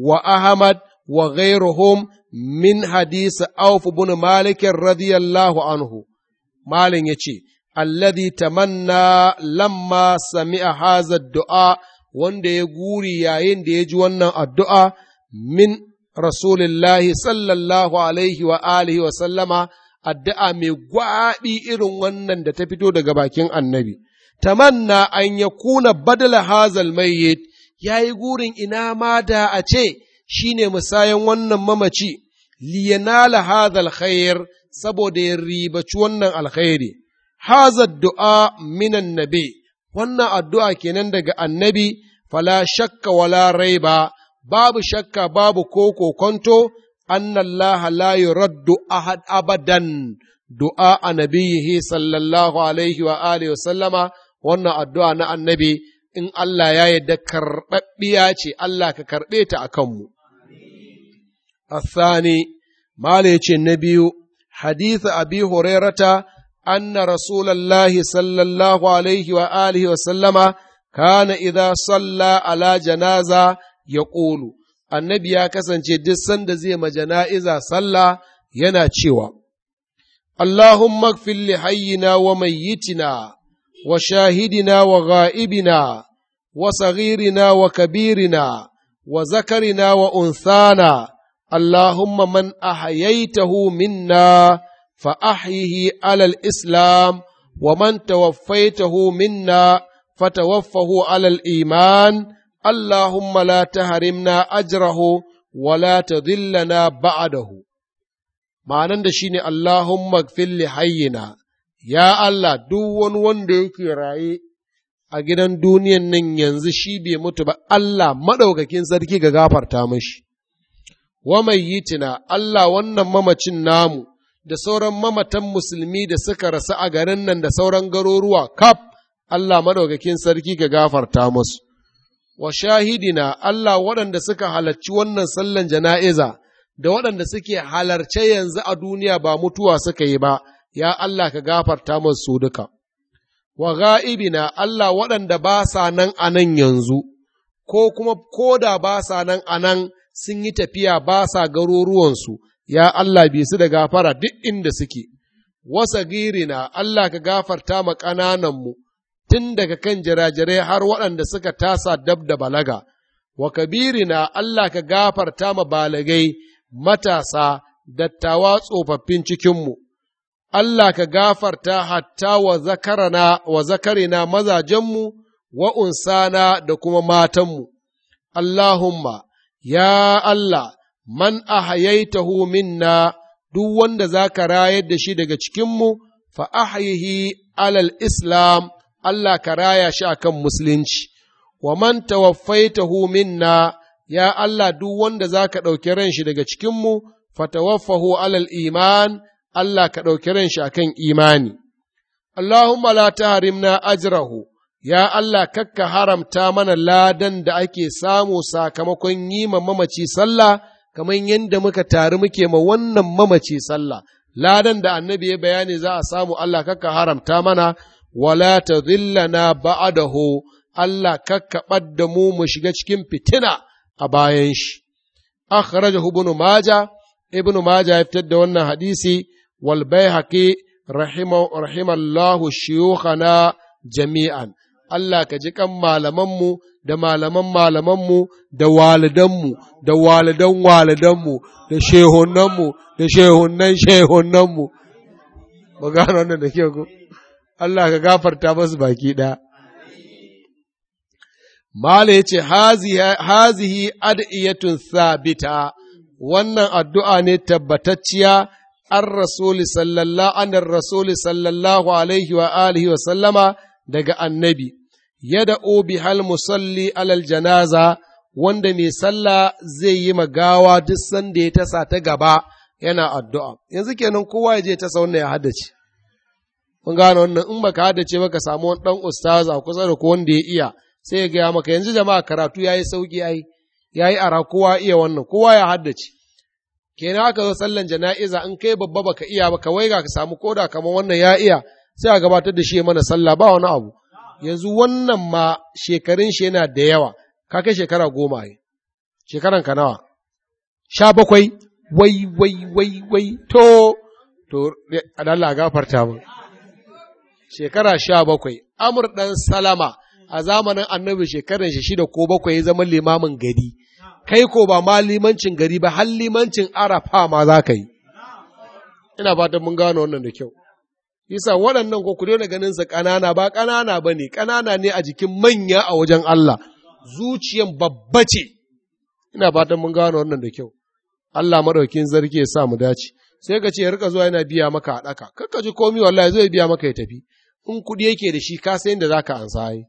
Speaker 1: wa Ahmad, wa ghairuhum min hadisi Auf ibn malikin radiyallahu anhu. Malin ya ce, Alladhi tamanna lamma sami'a hazar du'a wanda ya guri yayin da ya ji wannan addu'a min Rasulillahi sallallahu alaihi wa alihi wa sallama addu'a mai gwaɓi irin wannan da ta fito daga bakin annabi. Tamanna an ya kuna badala hazal mayyit ya yi gurin ina ma da a ce shi ne musayan wannan mamaci, liyana hazal khair saboda ya ribaci wannan alkhairi haza du'a minan nabi wannan addu'a kenan daga annabi fala shakka wala raiba babu shakka babu ko kokonto annallaha la yuraddu ahad abadan du'a a sallallahu alaihi wa alihi sallama wannan addu'a na annabi in Allah ya yarda karɓaɓɓiya ce Allah ka karɓe ta a kanmu. Asani, Mala ce na biyu, حديث أبي هريرة أن رسول الله صلى الله عليه وآله وسلم كان إذا صلى على جنازة يقول النبي يا كسن جدسن زي ما جنائزة صلى ينا تشيوا اللهم اغفر لحينا وميتنا وشاهدنا وغائبنا وصغيرنا وكبيرنا وذكرنا وأنثانا Allahumma man ahayaitahu minna fa ahyihi alal islam wa man tawaffaitahu minna fa tawaffahu alal iman Allahumma la taharimna ajrahu wa la tadhillana ba'dahu ma'anan da shine Allahumma gfir hayyina ya Allah duk wani wanda yake raye a gidan duniyan nan yanzu shi bai mutu ba Allah maɗaukakin sarki ga gafarta mashi. wa mai yi tina Allah wannan mamacin namu da sauran mamatan musulmi da suka rasu a garin nan da sauran garuruwa kaf Allah madaukakin sarki ka gafarta musu wa shahidina Allah waɗanda suka halarci wannan sallan jana'iza da waɗanda suke halarce yanzu a duniya ba mutuwa suka yi ba ya Allah ka gafarta musu duka wa ga'ibina Allah waɗanda ba sa nan anan yanzu ko kuma ko da ba sa nan a sun yi tafiya ba sa garuruwansu, ya Allah bi su da gafara duk inda suke, wasa girina Allah ka gafarta ma ƙanananmu tun daga kan jirajirai har waɗanda suka tasa dab da balaga, wa kabirina Allah ka gafarta ma balagai matasa dattawa tsofaffin cikinmu. Allah ka gafarta hatta wa zakarana wa zakarina mazajenmu wa unsana da kuma matanmu, Allahumma Ya Allah, man a ahayaitahu minna duk wanda za ka rayar da shi daga cikinmu, fa ahyihi alal Islam, Allah ka raya shi a kan musulunci, wa man tawaffaitahu minna, ya Allah duk wanda za ka ɗauki ran shi daga cikinmu, fa tawaffahu alal iman, Allah ka ɗauki ran shi kan imani. Allahumma la tahrimna ajrahu ya Allah kakka haramta mana ladan da ake samu sakamakon yi ma mamaci sallah kamar yadda muka taru muke ma wannan mamaci sallah ladan da annabi ya bayani za a samu Allah kakka haramta mana wala ta zillana ba'adahu Allah kakka ɓadda mu mu shiga cikin fitina a bayan shi akhrajahu ibn maja ibn maja ya fitar da wannan hadisi wal baihaqi rahimallahu shuyukhana jami'an Allah ka ji kan malamanmu da malaman malamanmu da walidanmu da walidan walidanmu da shehunanmu da shehunan shehunanmu ba gano wannan da ke ku. Allah ka gafarta masu baki ɗaya. Mala ya ce, Hazihi ad'iyatun sabita, wannan addu'a ne tabbatacciya an rasuli sallallahu, an rasuli sallallahu alaihi wa alihi wa sallama daga annabi, yada obi hal musalli alal janaza wanda mai sallah zai yi magawa duk sanda ya tasa ta gaba yana addu'a yanzu kenan kowa ya je tasa wannan ya haddace mun gane wannan in baka haddace baka samu wani dan ustaza kusa da ko wanda ya iya sai ya gaya maka yanzu jama'a karatu yayi sauki ai yayi ara kowa iya wannan kowa ya haddace kenan aka zo sallan jana'iza in kai babba baka iya ba wai ga ka samu koda kamar wannan ya iya sai a gabatar da shi mana sallah ba wani abu yanzu wannan ma shekarun shi yana da yawa, ka kai shekara goma yi, shekaran ka nawa, sha bakwai, wai, wai, wai, wai, to, to, adalla gafarta mu. Shekara sha bakwai, Amur ɗan Salama a zamanin annabi shekaran shi shida ko bakwai ya zama limamin gari, kai ko ba ma limancin gari ba, har limancin arafa ma za ka yi. Ina fatan mun gano wannan da kyau. Yasa waɗannan ko ku daina ganin sa ƙanana ba ƙanana ba ne, ƙanana ne a jikin manya a wajen Allah, zuciyan babba ce. Ina fatan mun gano wannan da kyau. Allah maɗaukin zargi ya sa mu dace. Sai ka ce ya rika zuwa yana biya maka a ɗaka, kakka ji komi wallahi zai biya maka ya tafi. In kuɗi yake da shi ka san inda za ka ansa yi.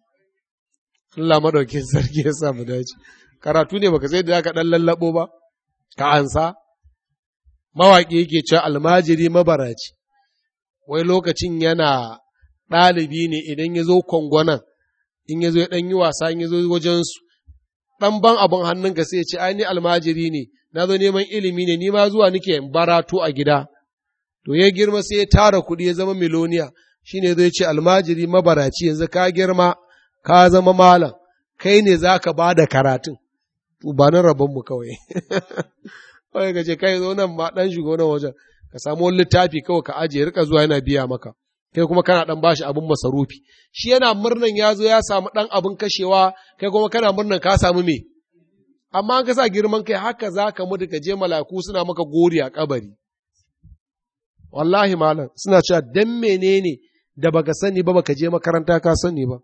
Speaker 1: Allah maɗaukin zargi ya sa mu dace. Karatu ne baka sai da za ka ɗan lallaɓo ba, ka ansa. Mawaƙi yake cewa almajiri mabaraci. wai lokacin yana ɗalibi ne idan ya zo kwangwanan in ya zo ya ɗan yi wasa in ya zo wajensu ɗan ban abin hannunka sai ya ce ai ni almajiri ne na zo neman ilimi ne ni ma zuwa nike baratu a gida to ya girma sai ya tara kuɗi ya zama miloniya Shi ne zai ce almajiri mabaraci yanzu ka girma ka zama malam kai ne za ka ba da karatun ba na rabonmu kawai kawai kai zo nan ma ɗan shigo nan wajen ka samu wani littafi kawai ka ajiye rika zuwa yana biya maka kai kuma kana dan bashi abin masarufi shi yana murnan ya zo ya samu dan abin kashewa kai kuma kana murnan ka samu me amma an ka sa girman kai haka za ka mutu ka je malaku suna maka gori a kabari wallahi malam suna cewa dan menene da baka sani ba baka je makaranta ka sani ba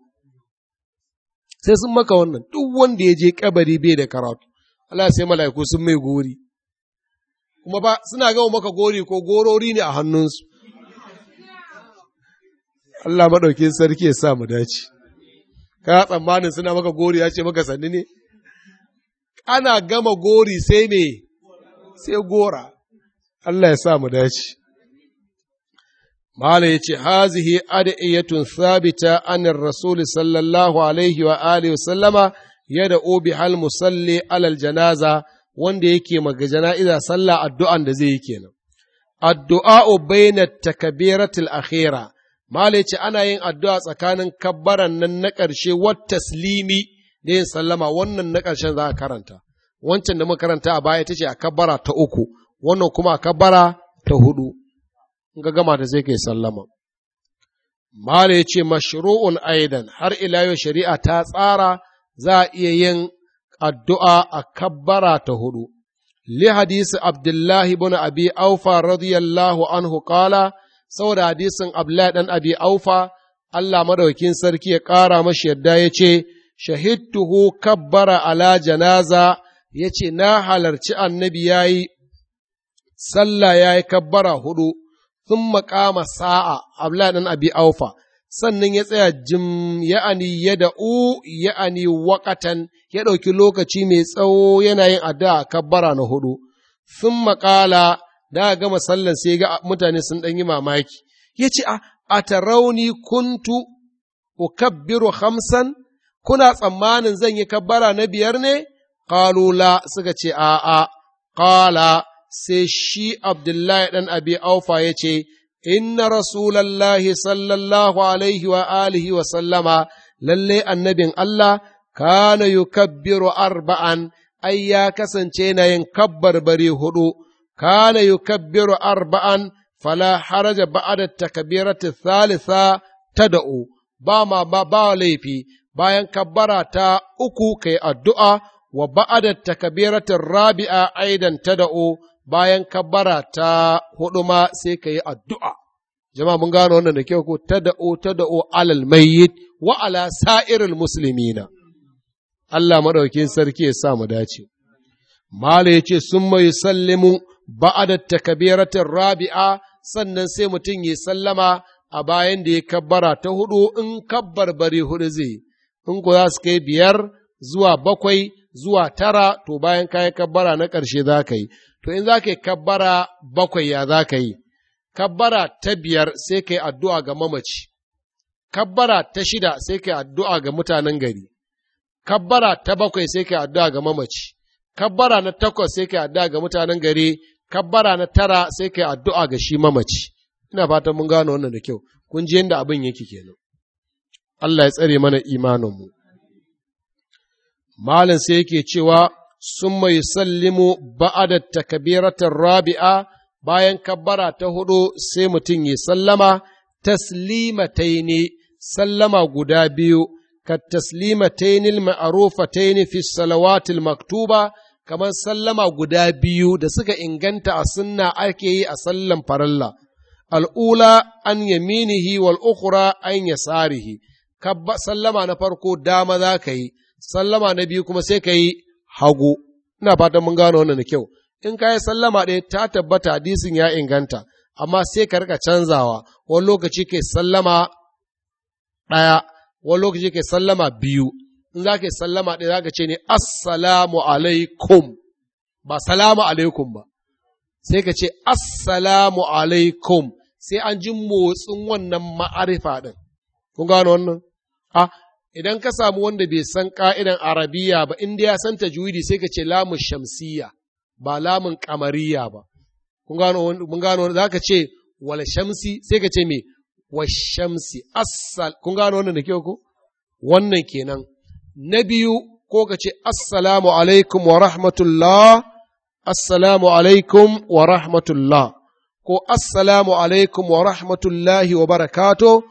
Speaker 1: sai sun maka wannan duk wanda ya je kabari bai da karatu Allah sai mala'iku sun mai gori kuma ba suna gama maka gori ko gorori ne a hannunsu. Allah maɗauki sarki ya sa mu dace. Ka tsammanin suna maka gori ya ce maka sanni ne? Ana gama gori sai me, sai gora. Allah ya sa mu dace. Mala ya ce, Hazihi ad'iyyatun sabita anin Rasulu sallallahu alaihi wa alihi wa sallama yada obi hal musalli alal janaza. wanda yake magajana jana'iza sallah addu'an da zai yi kenan addu'a bayna takabiratul akhira mala ce ana yin addu'a tsakanin kabbaran nan na ƙarshe wata taslimi da yin sallama wannan na karshen za a karanta wancan da muka karanta a baya ce a kabbara ta uku wannan kuma a kabbara ta hudu in ga gama da zai kai sallama mala ce mashru'un aidan har ila yau shari'a ta tsara za a iya yin addu'a a kabbara ta hudu. Li Abdullahi bin Abi Aufa radiyallahu anhu qala saboda hadisin Abdullahi dan Abi Aufa Allah madaukin sarki ya ƙara mashi yadda ya ce, Shahidtuhu kabbara ala janaza ya ce, Na halarci annabi ya yi, sallah ya yi kabbara hudu, sun maƙama sa'a, Abdullahi ɗan Abi Aufa, sannan ya tsaya jim ya'ani ya da'u ya'ani waƙatan ya ɗauki lokaci mai tsawo yana yin addu'a kabbara na hudu, sun maƙala da gama sallan sai ga mutane sun ɗan yi mamaki, ya ce, A tarauni kuntu, kabbiru hamsan, kuna tsammanin zan yi kabbara na biyar ne? Ƙalula suka ce, A'a, ƙala, sai shi Abdullahi ɗan Abi Aufa ya ce, inna rasulallahi sallallahu alaihi wa wa sallama lalle annabin Allah kana yukabbiru arba'an ai ya kasance na yin kabbarbari huɗu. kana yukabbiru arba'an fala haraja ba'da takbiratu thalitha tad'u ba ma ba, ba laifi bayan kabbara ta uku kai addu'a wa ba'da takbiratin rabi'a aidan ta tad'u bayan kabara ta hudu ma sai ka yi addu'a. Jama'a mun gano wannan da kyau ko ta dao alal mayyit wa ala musulmi na. Allah maɗaukin sarki ya sa mu dace. Mala ya ce sun mai sallimu ba’adar takabiratin rabi'a sannan sai mutum ya sallama a bayan da ya kabbara ta hudu in kabbar bari hudu zai, in ku za su kai biyar zuwa bakwai zuwa tara to bayan kayan kabara na ƙarshe za ka yi, to in za ka yi kabbara bakwai ya za ka yi, kabbara ta biyar sai ka yi addu'a ga mamaci, kabbara ta shida sai ka yi addu'a ga mutanen gari, kabbara ta bakwai sai ka yi addu'a ga mamaci, kabbara na takwas sai ka yi addu'a ga mutanen gari, kabbara na tara sai ka yi addu'a ga shi mamaci. Ina fatan mun gano wannan da kyau, kun ji yadda abin yake kenan. Allah ya tsare mana imaninmu. Malin sai yake cewa ثم يسلم بعد التكبيرة الرابعة bayan kabbara ta hudu sai mutum ya sallama taslimataini sallama guda biyu ka taslimataini ma'rufataini fi salawatil maktuba kamar sallama guda biyu da suka inganta a sunna ake yi a sallan faralla al'ula an yaminihi wal ukhra an yasarihi sallama na farko dama za ka yi sallama na biyu kuma sai ka yi hagu, ina fatan mun gano wannan da kyau, in ka yi sallama ɗaya ta tabbata hadisin ya inganta, amma sai ka rika canzawa, wani lokaci kai sallama ɗaya, wani lokaci kai sallama biyu, in za ka yi sallama ɗaya za ka ce ne assalamu alaikum, ba salamu alaikum ba, sai ka ce assalamu alaikum, sai an ji motsin wannan ma'arifa ɗin, kun gano wannan? A, ah, idan ka samu wanda bai san ka'idan arabiya ba inda ya san tajwidi sai ka ce lamun shamsiya ba lamun kamariya ba kun gano wani za ka ce wal shamsi sai ka ce me wa shamsi asal kun gano wannan da kyau ko wannan kenan na biyu ko ka ce assalamu alaikum wa rahmatullah assalamu alaikum wa rahmatullah ko assalamu alaikum wa rahmatullahi wa barakato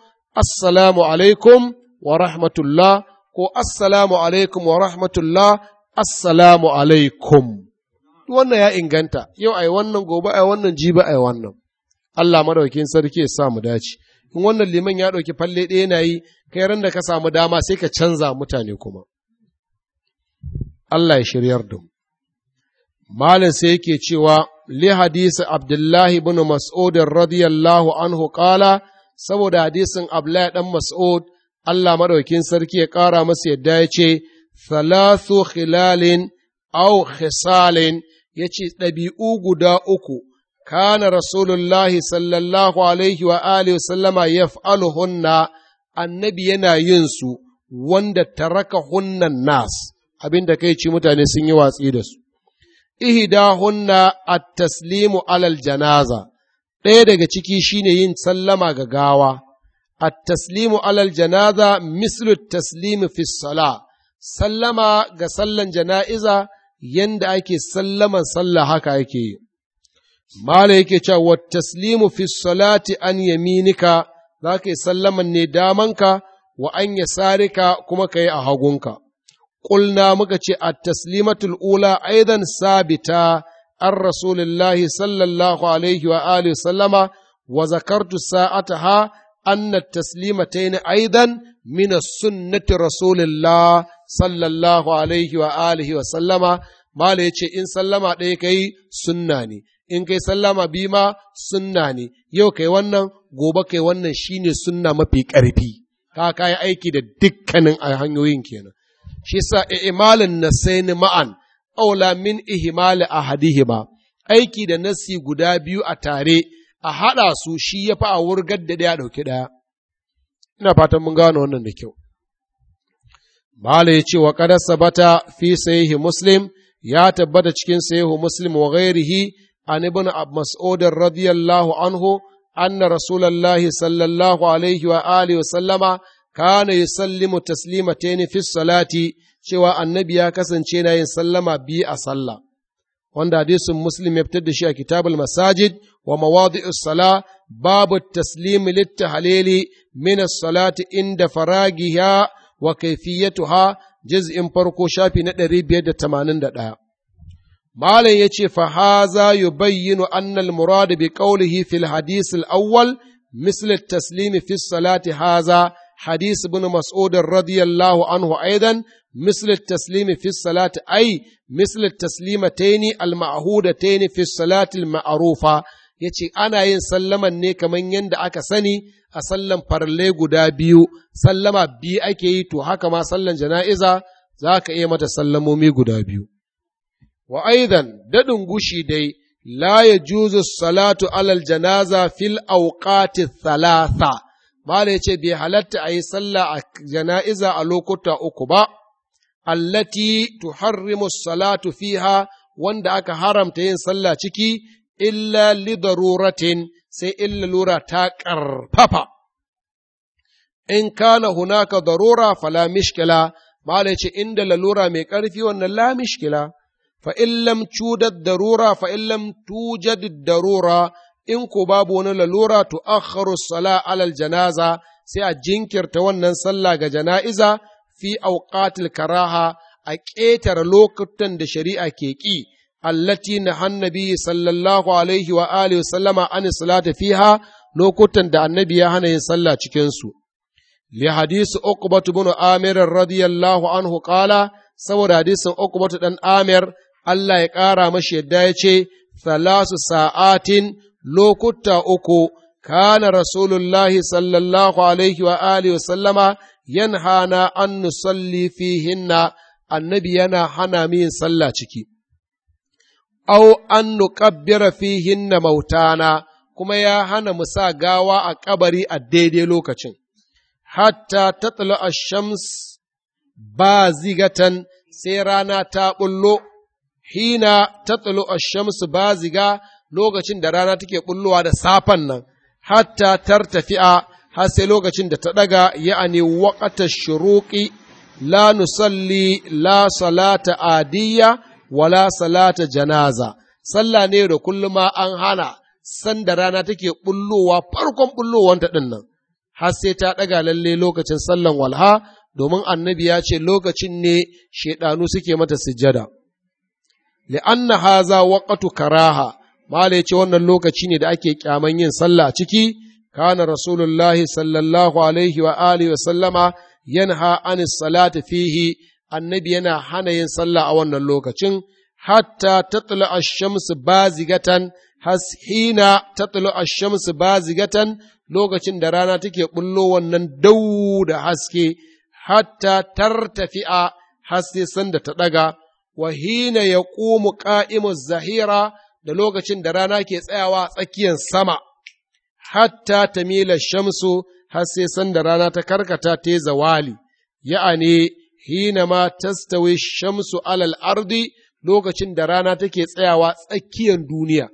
Speaker 1: assalamu alaikum wa rahmatullah ko assalamu alaikum wa rahmatullah assalamu alaikum wannan ya inganta yau ai wannan gobe ai wannan jibi ai wannan Allah madaukin sarki ya sa mu dace in wannan liman ya ɗauki falle ɗaya yana yi kai ran da ka samu dama sai ka canza mutane kuma Allah ya shiryar da Malin sai yake cewa li hadisi Abdullahi ibn Mas'ud radiyallahu anhu qala saboda hadisin Abdullahi dan Mas'ud Allah maɗaukin sarki ya ƙara masa yadda ya ce, Thalathu khilalin au khisalin ya ce ɗabi'u guda uku, kana Rasulullahi sallallahu alaihi wa alihi sallama ya hunna annabi yana yin su wanda taraka hunnan nas, abin da kai ci mutane sun yi watsi da su. Ihida hunna a taslimu alal janaza, ɗaya daga ciki shine yin sallama ga gawa. at alal janaza mislu taslimu fi sallama ga sallan jana'iza yanda ake sallaman sallah haka yake yi mala yake cewa wa taslimu an yaminika za ka yi sallaman ne damanka wa an yasarika kuma ka yi a hagunka قلنا مكتش التسليمة الأولى أيضا ثابتة عن رسول الله صلى الله عليه وآله وسلم وذكرت ساعتها anna taslimatayn aidan min sunnati rasulillah sallallahu alaihi wa alihi wa sallama mala yace in sallama ɗaya kai sunna ne in kai sallama bi ma sunna ne yau kai wannan gobe kai wannan shine sunna mafi karfi. ka kai aiki da dukkanin hanyoyin kenan shi sa imalin nasaini ma'an aula min ihimali ahadihima aiki da nasi guda biyu a tare a haɗa su shi ya fa a wurgar da ɗaya ɗauki ɗaya. Ina fatan mun gano wannan da kyau. Mala ya ce wa ƙadar sabata fi sayihi Muslim ya tabbata cikin sahihu Muslim wa ghairihi an ibn Mas'ud radiyallahu anhu anna rasulallahi sallallahu alaihi wa alihi wa sallama kana yusallimu taslimatayn fi salati cewa annabi ya kasance na yin sallama biyu a sallah wanda hadisin muslim ya fitar da shi a kitabul masajid wa mawadi'us sala babu taslim littahalili min as-salati inda ya wa kayfiyatuha juz'in farko shafi na 581 malam yace fa haza yubayyinu anna annal murad bi qawlihi fil awwal مثل التسليم في الصلاة هذا حديث ابن مسعود رضي الله عنه أيضا مثل التسليم في الصلاة أي مثل التسليمتين المعهودتين في الصلاة المعروفة ya ce ana yin sallaman ne kamar yadda aka sani a sallan farle guda biyu sallama biyu ake yi to haka ma sallan jana'iza za ka iya mata sallamomi guda biyu wa aidan daɗin gushi dai la ya juzu salatu alal janaza fil auqati thalatha mala ya ce bai halatta ayi yi sallah a jana'iza a lokuta uku ba allati tuharrimu salatu fiha wanda aka haramta yin sallah ciki illa lali daruratin sai in lalura ta ƙarfafa. In kana hunaka darura fala mishkila, mala ce inda lalura mai ƙarfi wannan la mishkila, fa illam cudad darura fa illam tujad darura in ko babu wani lalura to akharu sala alal janaza sai a jinkirta wannan sallah ga jana'iza fi auqatil karaha a ƙetare lokutan da shari'a ke ƙi. allati na annabi sallallahu alaihi wa sallama an salata lokutan da annabi ya hana yin sallah cikin su li hadisi uqbatu bin amir radiyallahu anhu kala? saboda hadisin uqbatu ɗan amir Allah ya ƙara mashi yadda ya ce thalasu sa'atin lokuta uku kana rasulullahi sallallahu alaihi wa alihi wa sallama yanhana an nusalli fihinna annabi yana hana min sallah ciki au an nuqabbira na mautana kuma ya hana mu sa gawa a ƙabari a daidai lokacin hatta tatla ash-shams bazigatan sai rana ta bullo hina tatlu ash-shams baziga lokacin da rana take bullowa da safan nan hatta tartafi'a har sai lokacin da ta daga ya'ani waƙatar shuruƙi. la nusalli la salata adiyya wala salata janaza, sallah ne da kullum an hana sanda rana take bullowa farkon bullowanta ɗin nan, har sai ta ɗaga lalle lokacin sallan walha domin annabi ya ce lokacin ne shaiɗanu suke mata sujjada. Li'anna haza waƙatu karaha, Malai ce wannan lokaci ne da ake kyaman yin sallah ciki, kana Rasulullahi sallallahu alaihi wa alihi wa sallama yanha anis salati fihi annabi yana hana yin sallah a wannan lokacin hatta tatlu ash-shamsu bazigatan hina tatlu ash-shamsu bazigatan lokacin da rana take bullo wannan dau da haske hatta tartafi'a haske da ta ɗaga, wa hina yaqumu qa'imu zahira da lokacin da rana ke tsayawa a tsakiyar sama hatta tamila shamsu har sai sanda rana ta karkata ta zawali ya'ani hina ma tastawi shamsu alal ardi lokacin da rana take tsayawa tsakiyar duniya.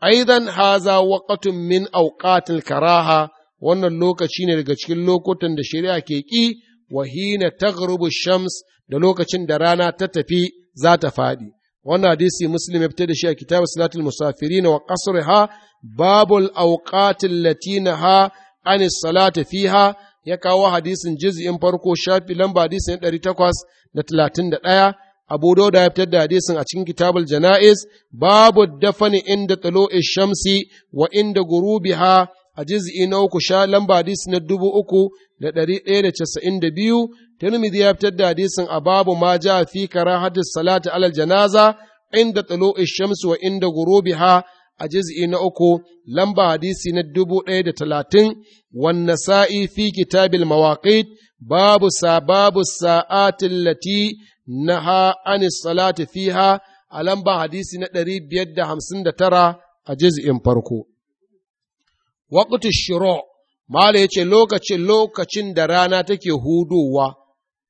Speaker 1: Aidan haza waƙatun min auƙatil karaha wannan lokaci ne daga cikin lokutan da shari'a ke ƙi wa hina taghrubu shams da lokacin da rana ta tafi za ta faɗi. Wannan hadisi Muslim ya fitar da shi a kitabu salatul musafirin wa qasriha babul auqatil latina ha anis salati fiha ya kawo hadisin jizi'in farko shafi lamba hadisin ɗaya Abu Dauda ya fitar da hadisin a cikin kitabul Jana'iz babu dafani inda tulu'i shamsi wa inda gurubiha a jizi'i na uku sha lamba hadisi dubu uku da ɗari ɗaya da casa'in da biyu Tirmidhi ya fitar da hadisin a babu ma ja fi kara, hadis, salati alal janaza inda tulu'i shamsi wa inda gurubiha a juz'i na uku lamba hadisi na dubu ɗaya da talatin wanne sa'i fi kitabil mawaƙid babu sa babu sa'atin lati na ha an salati fiha a lamba hadisi na ɗari biyar da hamsin da tara a juz'in farko. Waƙutu shiro, Mala ya ce lokacin lokacin da rana take hudowa,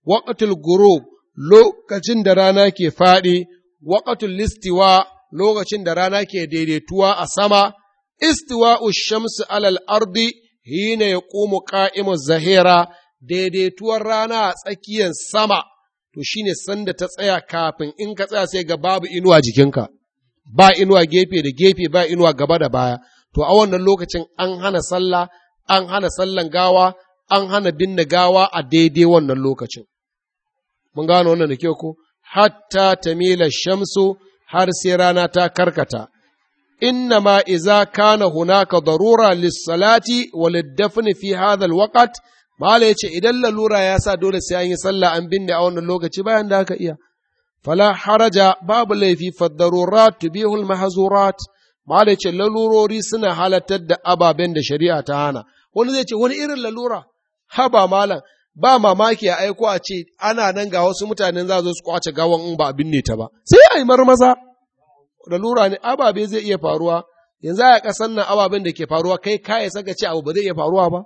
Speaker 1: waƙatul gurub lokacin da rana ke faɗi, waƙatul listiwa lokacin da rana ke daidaituwa a sama, istiwa'u shamsu alal ardi hina ya ƙumu ƙa'imu zahira daidaituwar rana a tsakiyar sama, to shi ne sanda ta tsaya kafin in ka tsaya sai ga babu inuwa jikinka, ba inuwa gefe da gefe ba inuwa gaba da baya, to a wannan lokacin an hana sallah, an hana sallan gawa, an hana binne gawa a daidai wannan lokacin. Mun gano wannan da kyau ko? Hatta tamila shamsu har sai rana ta karkata inna ma iza kana hunaka darura lissalati waliddafni fi hadha alwaqt mala yace idan lalura ya sa dole sai an yi sallah an binne a wannan lokaci bayan da aka iya fala haraja babu laifi faddarurat tubihu almahzurat mala lalurori suna halatar da ababen da shari'a ta hana wani zai ce wani irin lalura haba malam ba mamaki a aiko a ce ana nan ga wasu mutanen za su kwace gawan in ba a binne ta ba sai a yi marmaza lura ne ababe zai iya faruwa yanzu a kasan nan ababen da ke faruwa kai kaya saka ce abu ba zai iya faruwa ba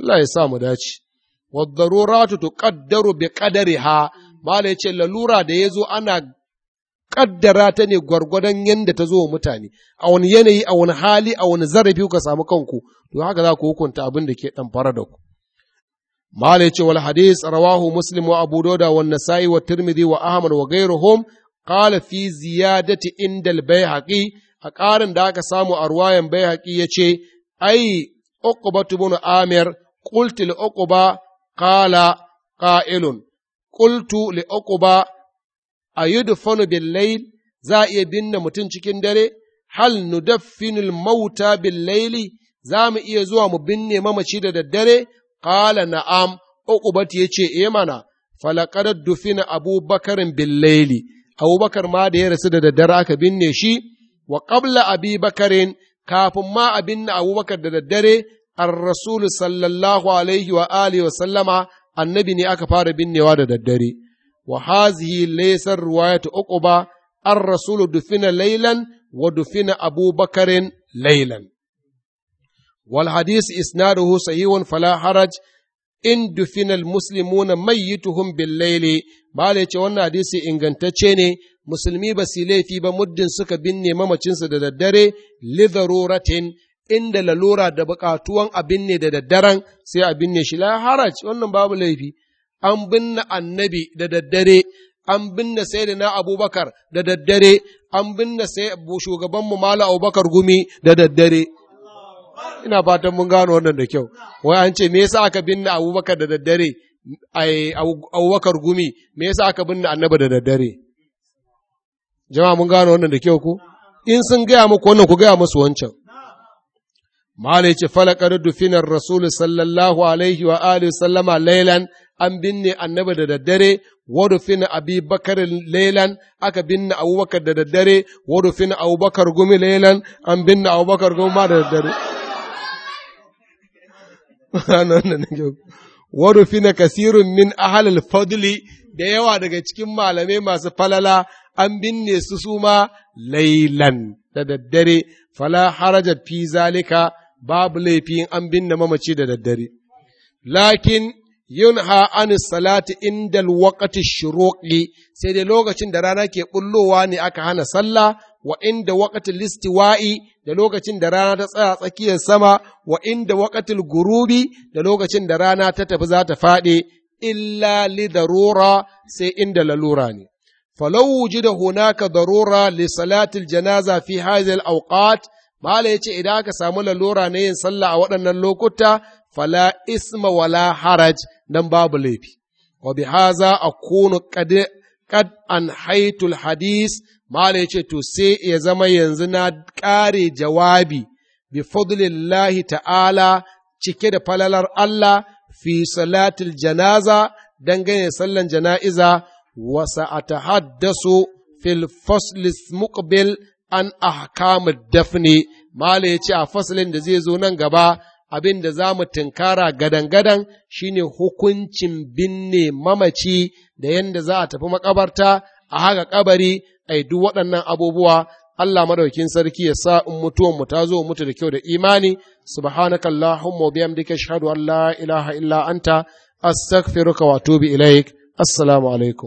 Speaker 1: Allah ya sa mu dace daruratu tuqaddaru bi qadariha mala yace lalura da yazo ana kaddara ta ne gwargwadon yadda ta zo wa mutane a wani yanayi a wani hali a wani zarafi ka samu kanku to haka za ku hukunta abin da ke dan fara da ku malai ce wal hadis rawahu muslim wa abu dauda wa nasa'i wa tirmidhi wa ahmad wa ghayruhum qala fi ziyadati Indal bayhaqi a ƙarin da aka samu a ruwayan bayhaqi yace ai uqba ibn amir qultu li uqba qala qa'ilun qultu li uqba ayudfanu bil layl za iya binne mutum cikin dare hal nudaffinul mauta bil layli za mu iya zuwa mu binne mamaci da daddare ƙala na'am, Ukubatu ya ce, E mana, falakar dufina Laili. Abu abubakar ma da ya rasu da daddare aka binne shi, wa ƙabla abi bakarin kafin ma a binne abubakar da daddare, an rasulu sallallahu alaihi wa alihi wa sallama annabi ne aka fara binnewa da daddare. Wa hazihi laysar ruwayatu uquba an rasulu dufina lailan wa dufina abubakarin lailan. wal hadis isnaduhu sahihun fala haraj in dufina almuslimuna mayyituhum bil layli bale ce wannan hadisi ingantacce ne musulmi ba su laifi ba muddin suka binne mamacinsu da daddare li daruratin inda lalura da buƙatuwan abin ne da daddaren sai a binne shi la haraj wannan babu laifi an binne annabi da daddare an binne sai da na abubakar da daddare an binne sai shugabanmu mala abubakar gumi da daddare ina fatan mun gano wannan da kyau wai an ce me yasa aka binne abubakar da daddare ai abubakar gumi me yasa aka binne annaba da daddare jama'a mun gano wannan da kyau ko in sun gaya muku wannan ku gaya musu wancan malai ce falakar dufinar Rasul sallallahu alaihi wa alihi sallama lailan an binne annabi da daddare wa dufina abi bakar lailan aka binne abubakar da daddare wa dufina abubakar gumi lailan an binne abubakar gumi da daddare. warufi na kasirun min ahalal fadli da yawa daga cikin malamai masu falala an binne su suma lailan da daddare fala haraja fi zalika babu laifin an binne mamaci da daddare lakin Yin ha ani salati inda waqati shiroƙi, sai dai lokacin da rana ke bullowa ne aka hana sallah wa inda wakati listiwa'i da lokacin da rana ta tsaya tsakiyar sama wa inda wakati gurubi da lokacin da rana ta tafi za ta faɗi illa li darura sai inda lalura ne falau da hunaka darora li salatil janaza fi hadhihi al-awqat mala yace idan aka samu lalura na yin sallah a waɗannan lokuta fala isma wala haraj Nan babu laifi wa bi haza akunu kunu kad an haitul hadis mala yace to sai ya zama yanzu na kare jawabi bi fadlillahi ta'ala cike da falalar Allah fi salatil janaza dangane sallan jana'iza wa sa'atahaddasu fil faslis muqbil an ahkamud dafni mala yace a fasalin da zai zo nan gaba abin da za mu tunkara gadan-gadan ne hukuncin binne mamaci da yadda za a tafi makabarta a haka kabari ai duk waɗannan abubuwa Allah madaukin sarki ya sa in mutuwan mu ta zo mutu da kyau da imani subhanakallahumma bihamdika ashhadu an la ilaha illa anta astaghfiruka wa atubu ilaik assalamu alaikum